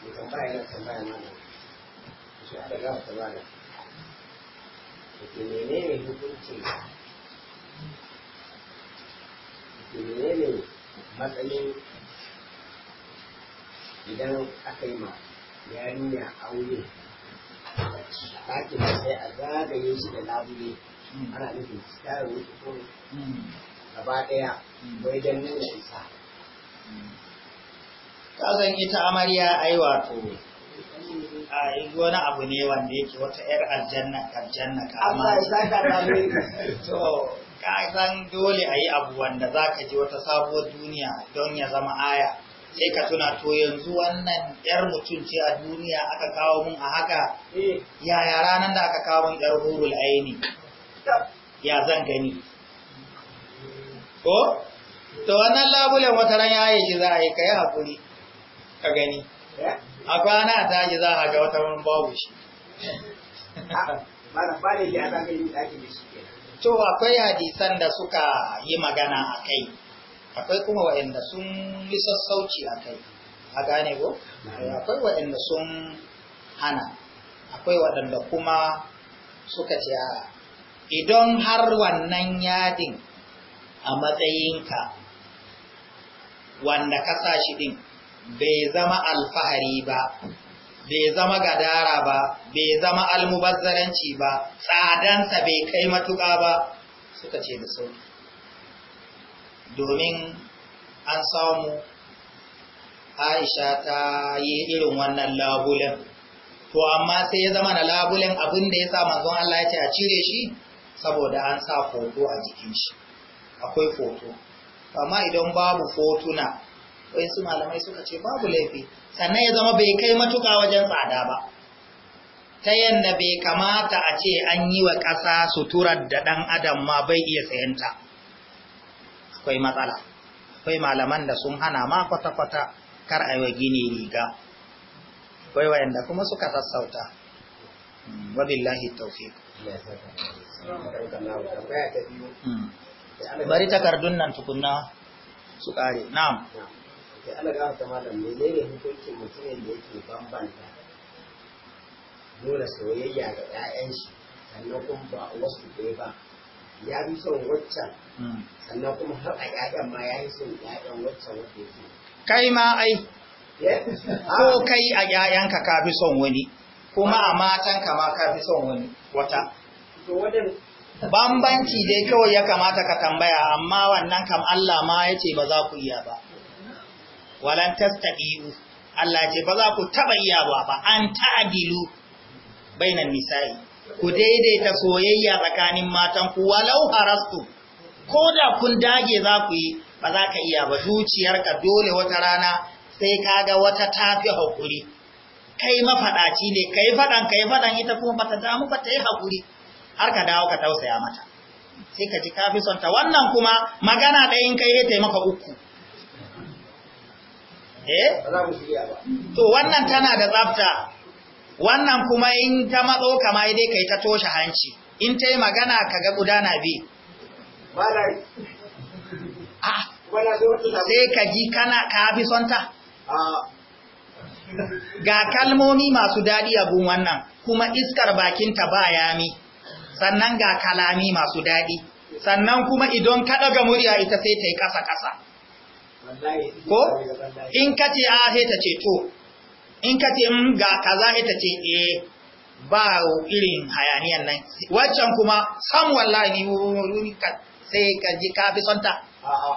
[SPEAKER 3] tambaya yana tambaya na su haɗa gama tambaya da ke menene hukuncin da menene matsayin idan aka yi ma yarinya aure ɗakin sai a zagaye shi da labule ana nufin tsarin wuce
[SPEAKER 1] gaba ɗaya bai don nuna isa kasan ita amarya ai wato a wani abu ne wanda yake wata 'yar aljanna aljanna ka amma to ka san dole a yi abu wanda za ka ji wata sabuwar duniya don ya zama aya sai ka tuna to yanzu wannan 'yar mutum ce a duniya aka kawo mun a haka eh. yaya ranar da aka kawo mun 'yar hurul aini ya zan gani ko to wannan labulen wata ran ya shi za a yi kai hakuri ka gani a kwana ta ji za a ga wata ran babu shi to akwai hadisan da suka yi magana a kai akwai kuma waɗanda sun yi sassauci a kai a gane ko akwai waɗanda sun hana akwai waɗanda kuma suka ce idan har wannan yadin a matsayinka wanda ka sa shi ɗin bai zama alfahari ba, bai zama gadara ba, bai zama almubazzaranci ba, tsadansa bai kai matuƙa ba suka ce da sauki. Domin an samu Aisha ta yi irin wannan labulen, to amma sai ya zama na labulen abinda ya sa manzon Allah ya ce a cire shi saboda an sa koko a jikin shi. akwai foto amma idan babu fotuna wai su malamai suka ce babu laifi sannan ya zama bai kai matuka wajen tsada ba ta yadda bai kamata a ce an yi wa ƙasa suturar da ɗan adam ma bai iya sayanta akwai matsala akwai malaman da sun hana ma kwata-kwata kar a yi wa gini riga akwai wayanda kuma suka sassauta wabillahi Taufi.
[SPEAKER 3] bari takardun
[SPEAKER 1] nan tukunna su kare na'am
[SPEAKER 3] ya ana ta malam ne hukuncin mutumin da yake bambanta nuna soyayya ga ƴaƴan shi sannan kuma ba wasu ke ba ya bi son waccan hmm. sannan
[SPEAKER 1] kuma har a ƴaƴan ma ya yi son ƴaƴan waccan wacce yake kai ma ai eh? ko kai a ƴaƴanka ka fi son wani kuma a matanka ma ka fi son wani wata to wadan bambanci dai kawai ya kamata ka tambaya amma wannan kam Allah ma ya ce ba za ku iya ba walan tastabi'u Allah ce ba za ku taba iya ba ba an ta'dilu bainan nisa'i ku daidaita soyayya tsakanin matan ku walau harastu ko da kun dage za ku yi ba za ka iya ba zuciyarka dole wata rana sai ka ga wata tafi hakuri kai mafaɗaci ne kai faɗan kai faɗan ita kuma bata damu ba ta yi hakuri har ka dawo ka tausaya mata sai ka ji kafi son ta wannan kuma magana in kai ta maka uku eh to wannan tana da tsafta wannan kuma in ta matso kama dai kai ta toshe hanci in ta yi magana ka ga gudana bi ah. sai ka ji kana kafi son ta ah. ga kalmomi masu daɗi abun wannan kuma iskar bakinta ba yami sannan ga kalami masu daɗi sannan kuma idon kada ga murya ita sai ta yi ƙasa-ƙasa ko in ka ce a ah, sai ta ce to in ka ce mm, ga kaza ita ce eh ba irin hayaniyan nan waccan kuma san wallahi ni wuri sai ka ji ka fi sonta a'a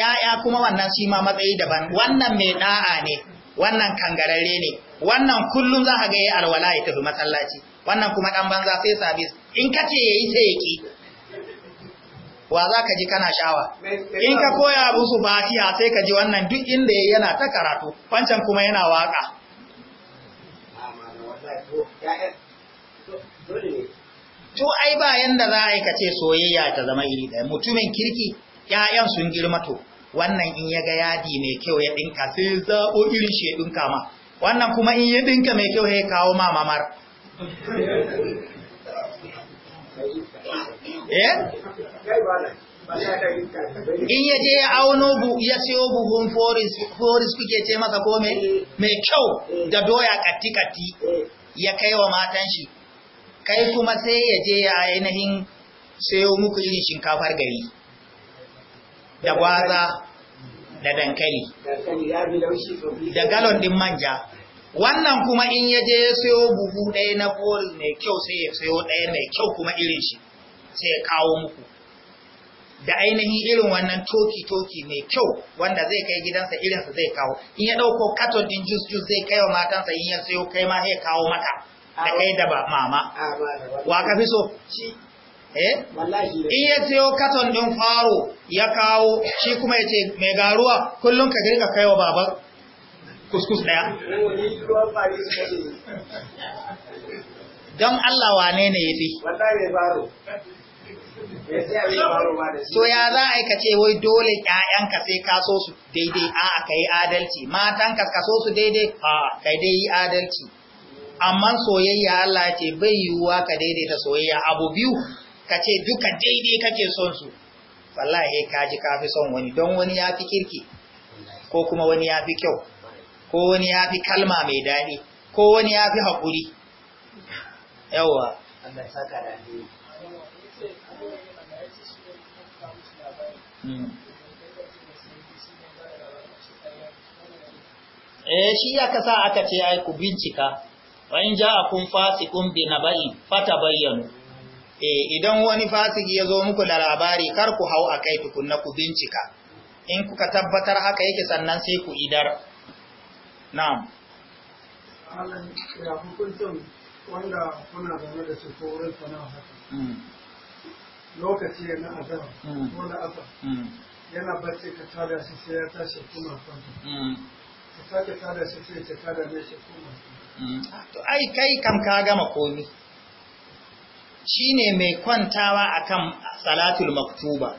[SPEAKER 1] ya'ya kuma wannan shi ma matsayi daban wannan mai da'a ne wannan kangararre ne wannan kullum za ka ga yayi alwala ya tafi masallaci wannan kuma ɗan banza sai sabis. in ka kace yayi sai yake wa za ka ji kana shawa in ka koya musu fatiha sai ka ji wannan duk inda yayi yana ta karatu wancan kuma yana waka to ai ba yanda za a aikace soyayya ta zama iri ɗaya mutumin kirki 'ya'yan sun girma to wannan in ya ga yadi mai kyau ya dinka sai zaɓo irin shi ya ma wannan kuma in ya dinka mai kyau ya kawo ma mamar eh in ya je ya auno ya siyo buhun foris kuke ce masa ko mai kyau da doya katti-katti ya kai wa matan shi kai kuma sai ya je ya ainihin sayo muku irin shinkafar gari da gwaza da dankali da galon din manja wannan kuma in ya je ya sayo buhu ɗaya na bori mai kyau sai ya sayo ɗaya mai kyau kuma irin shi sai ya kawo muku da ainihin irin wannan toki-toki mai kyau wanda zai kai gidansa irinsa zai kawo in ya ɗauko katon din jus-jus zai kai wa matansa in ya sayo kai ma ya kawo maka da kai da mama wa ka fi so eh in ya siyo katon ɗin faro ya kawo shi kuma ya ce mai garuwa kullum ka girka kaiwa baba kuskus ɗaya don Allah wane ne ya fi so ya za a ce wai dole ƴaƴanka sai ka so su daidai a ka yi adalci matan ka so su daidai a ka dai yi adalci amma soyayya Allah ce bai yiwuwa ka daidaita soyayya abu biyu ka ce duka daidai kake son su wallahi ka ji ka fi son wani don wani ya fi kirki ko kuma wani ya fi kyau ko wani ya fi kalma mai daɗi ko wani ya fi haƙuri yawa Eh shi ya kasa aka ce ai ku bincika wa in ja'akum fasiqun bi naba'in fatabayyanu Eh, idan wani fasiki ya zo muku da labari kar ku hau a kai tukunna ku bincika in kuka tabbatar haka yake sannan sai ku idar na'am
[SPEAKER 3] wanda kuna zama da su wurin sana'a haka hmm. lokaci na azaba hmm. ko na asa hmm. yana bacci ka tada shi sai ya tashi kuma kwanta
[SPEAKER 2] ka
[SPEAKER 3] sake tada shi sai ya tada ne shi kuma
[SPEAKER 1] to ai kai kam ka gama komi shine mai kwantawa akan salatul maktuba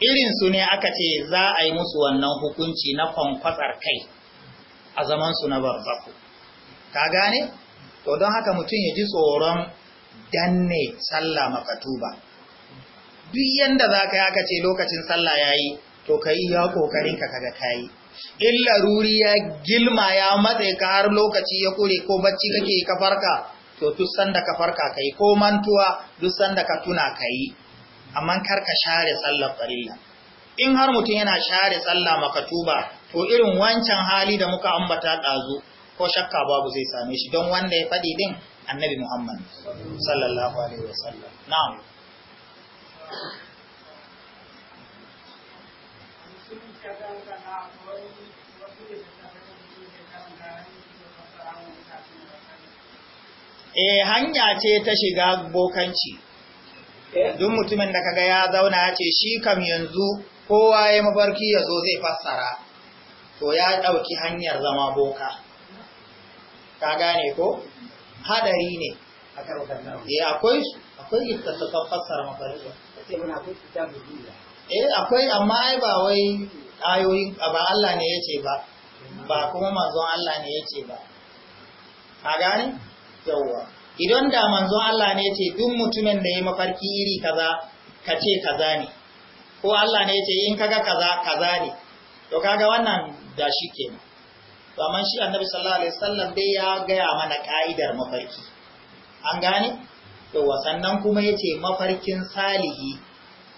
[SPEAKER 1] irin su ne aka ce za a yi musu wannan hukunci na kwankwatsar kai a zaman su na barzaku ka gane to don haka mutum ya ji tsoron danne sallah makatuba duk yadda za ka yi aka ce lokacin sallah ya yi to ka yi ya kokarin ka kaga ka yi in laruri ya gilma ya matse ka har lokaci ya kure ko bacci kake ka farka to duk sanda ka farka kai ko mantuwa duk sanda ka tuna kai amma kar ka share sallar farilla in har mutum yana share sallah makatuba to irin wancan hali da muka ambata dazu ko shakka babu zai same shi don wanda ya fadi din annabi Muhammad sallallahu alaihi wasallam na'am eh hanya ce ta shiga bokanci eh. duk mutumin da kaga ya zauna ya ce shi kam yanzu kowa ya mafarki ya zo zai fassara to ya ɗauki hanyar zama boka ka gane ko hadari ne eh, akwai akwai littattafan fassara mafarki eh akwai amma ai ba wai ayoyi ba Allah ne ya ce ba ba kuma manzon Allah ne ya ce ba ka gane yawwa idan da manzon Allah ne ce duk mutumin da ya mafarki iri kaza ka ce kaza ne ko Allah ne ya ce in kaga kaza kaza ne to kaga wannan da shi kenan to amma shi annabi sallallahu alaihi wasallam dai ya gaya mana ka'idar mafarki an gane To sannan kuma yace mafarkin salihi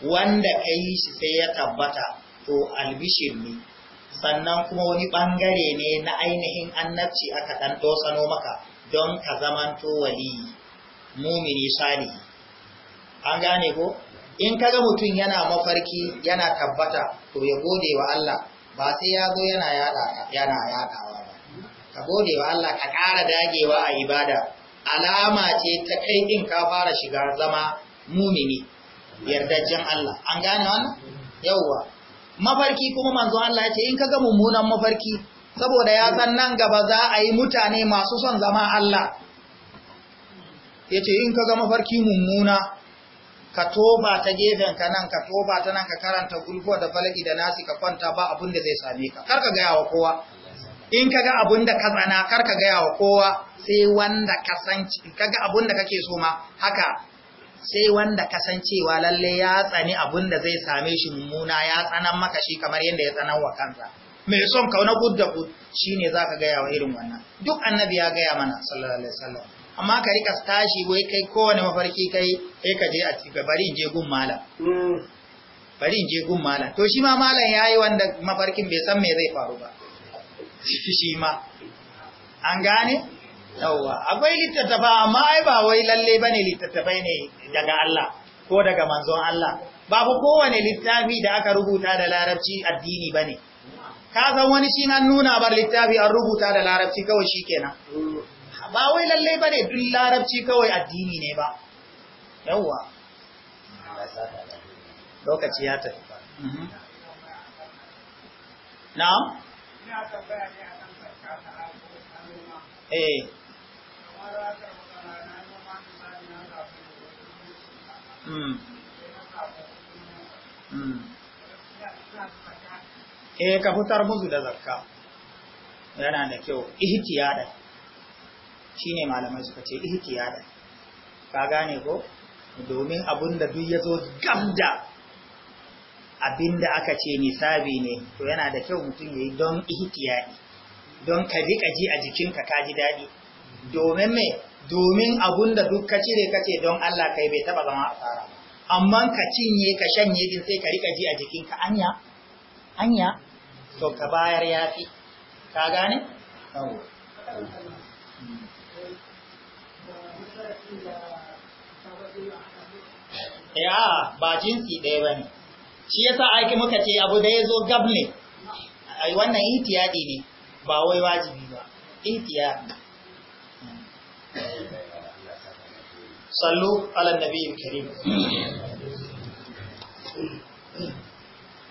[SPEAKER 1] wanda kai shi sai ya tabbata to albishir ne sannan kuma wani bangare ne na ainihin annabci aka dan dosano maka don ka zamanto waliyi mumini sani an gane ko in kaga mutum yana mafarki yana tabbata to ya gode wa Allah ba sai ya zo yana yada yana yadawa ba ka gode wa Allah ka ƙara dagewa a ibada alama ce ta kai din ka fara shiga zama mumini yardajjen Allah an gane wannan yawwa mafarki kuma manzo Allah ya ce in kaga mummunan mafarki saboda ya san nan gaba za a yi mutane masu son zama Allah ya ce in ka ga mafarki mummuna ka toba ta gefen ka nan ka toba ta nan ka karanta gulko da falaki da nasi ka kwanta ba abin da zai same ka kar ka gaya wa kowa in ka ga abin da ka tsana kar ka gaya wa kowa sai wanda ka san ka ga abin da kake so ma haka sai wanda ka san cewa lalle ya tsani abin da zai same shi mummuna ya tsanan maka shi kamar yadda ya tsanan wa kansa mai son ka na gudda gud shine ka gaya wa irin wannan duk annabi ya gaya mana sallallahu alaihi wasallam amma ka rika tashi wai kai kowane mafarki kai kai ka je a cikin bari in je gun malam hmm. bari in je gun malam to shi ma malam yayi wanda mafarkin bai san me zai faru ba shi ma an gane yawwa akwai littattafa amma ai ba wai lalle bane littattafai ne daga Allah ko daga manzon Allah babu kowane littafi da aka rubuta da larabci addini bane ka san wani shi na nuna bar littafi an rubuta da larabci kawai shi kenan ba wai lallai ba ne duk larabci kawai addini ne ba yauwa lokaci ya tafi mhm. na'am eh Mm. Mm. eh ka fitar musu da zakka yana da kyau ihtiyada shine malamai suka ce ihtiyada ka gane ko domin abinda duk yazo gamda abinda aka ce nisabi ne to yana da kyau mutum yayi don ihtiyadi don ka rika ji a jikinka ka ji dadi domin me domin abinda duk ka cire kace don Allah kai bai taba zama asara amma ka cinye ka shanye din sai ka rika ji a jikinka anya anya to ka bayar yafi ka gane ya eh, ba jinsi ɗaya ba ne shi yasa aiki muka ce abu da ya zo gab ne wannan itiyadi ne ba wai wajibi ba itiyadi sallu ala nabiyyin karim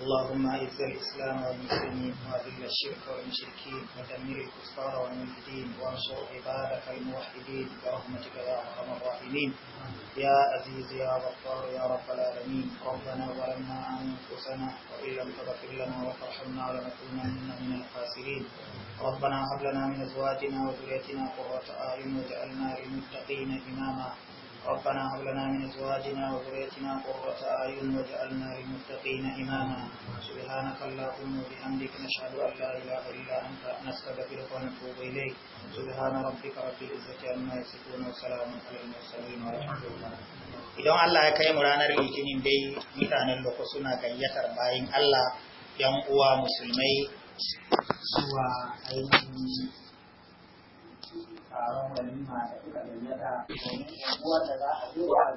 [SPEAKER 3] اللهم اعز الاسلام والمسلمين واذل الشرك والمشركين ودمر الكفار والملحدين وانصر عبادك الموحدين برحمتك يا ارحم الراحمين يا عزيز يا غفار يا رب العالمين ربنا ظلمنا انفسنا وان لم تغفر لنا وترحمنا لنكونن من الخاسرين ربنا هب لنا من ازواجنا وذريتنا قره اعين واجعلنا للمتقين اماما ربنا هب لنا من ازواجنا وذريتنا قرة اعين واجعلنا للمتقين اماما سبحانك اللهم وبحمدك نشهد ان لا اله الا انت نستغفرك ونتوب اليك سبحان ربك رب العزه عما يصفون وسلام على المرسلين ورحمه الله
[SPEAKER 1] idan Allah ya kai mu ranar litinin dai mutanen loko suna gayyatar bayin Allah yan uwa musulmai zuwa
[SPEAKER 2] ainihin taron walima da suka gayyata domin da za a yi wa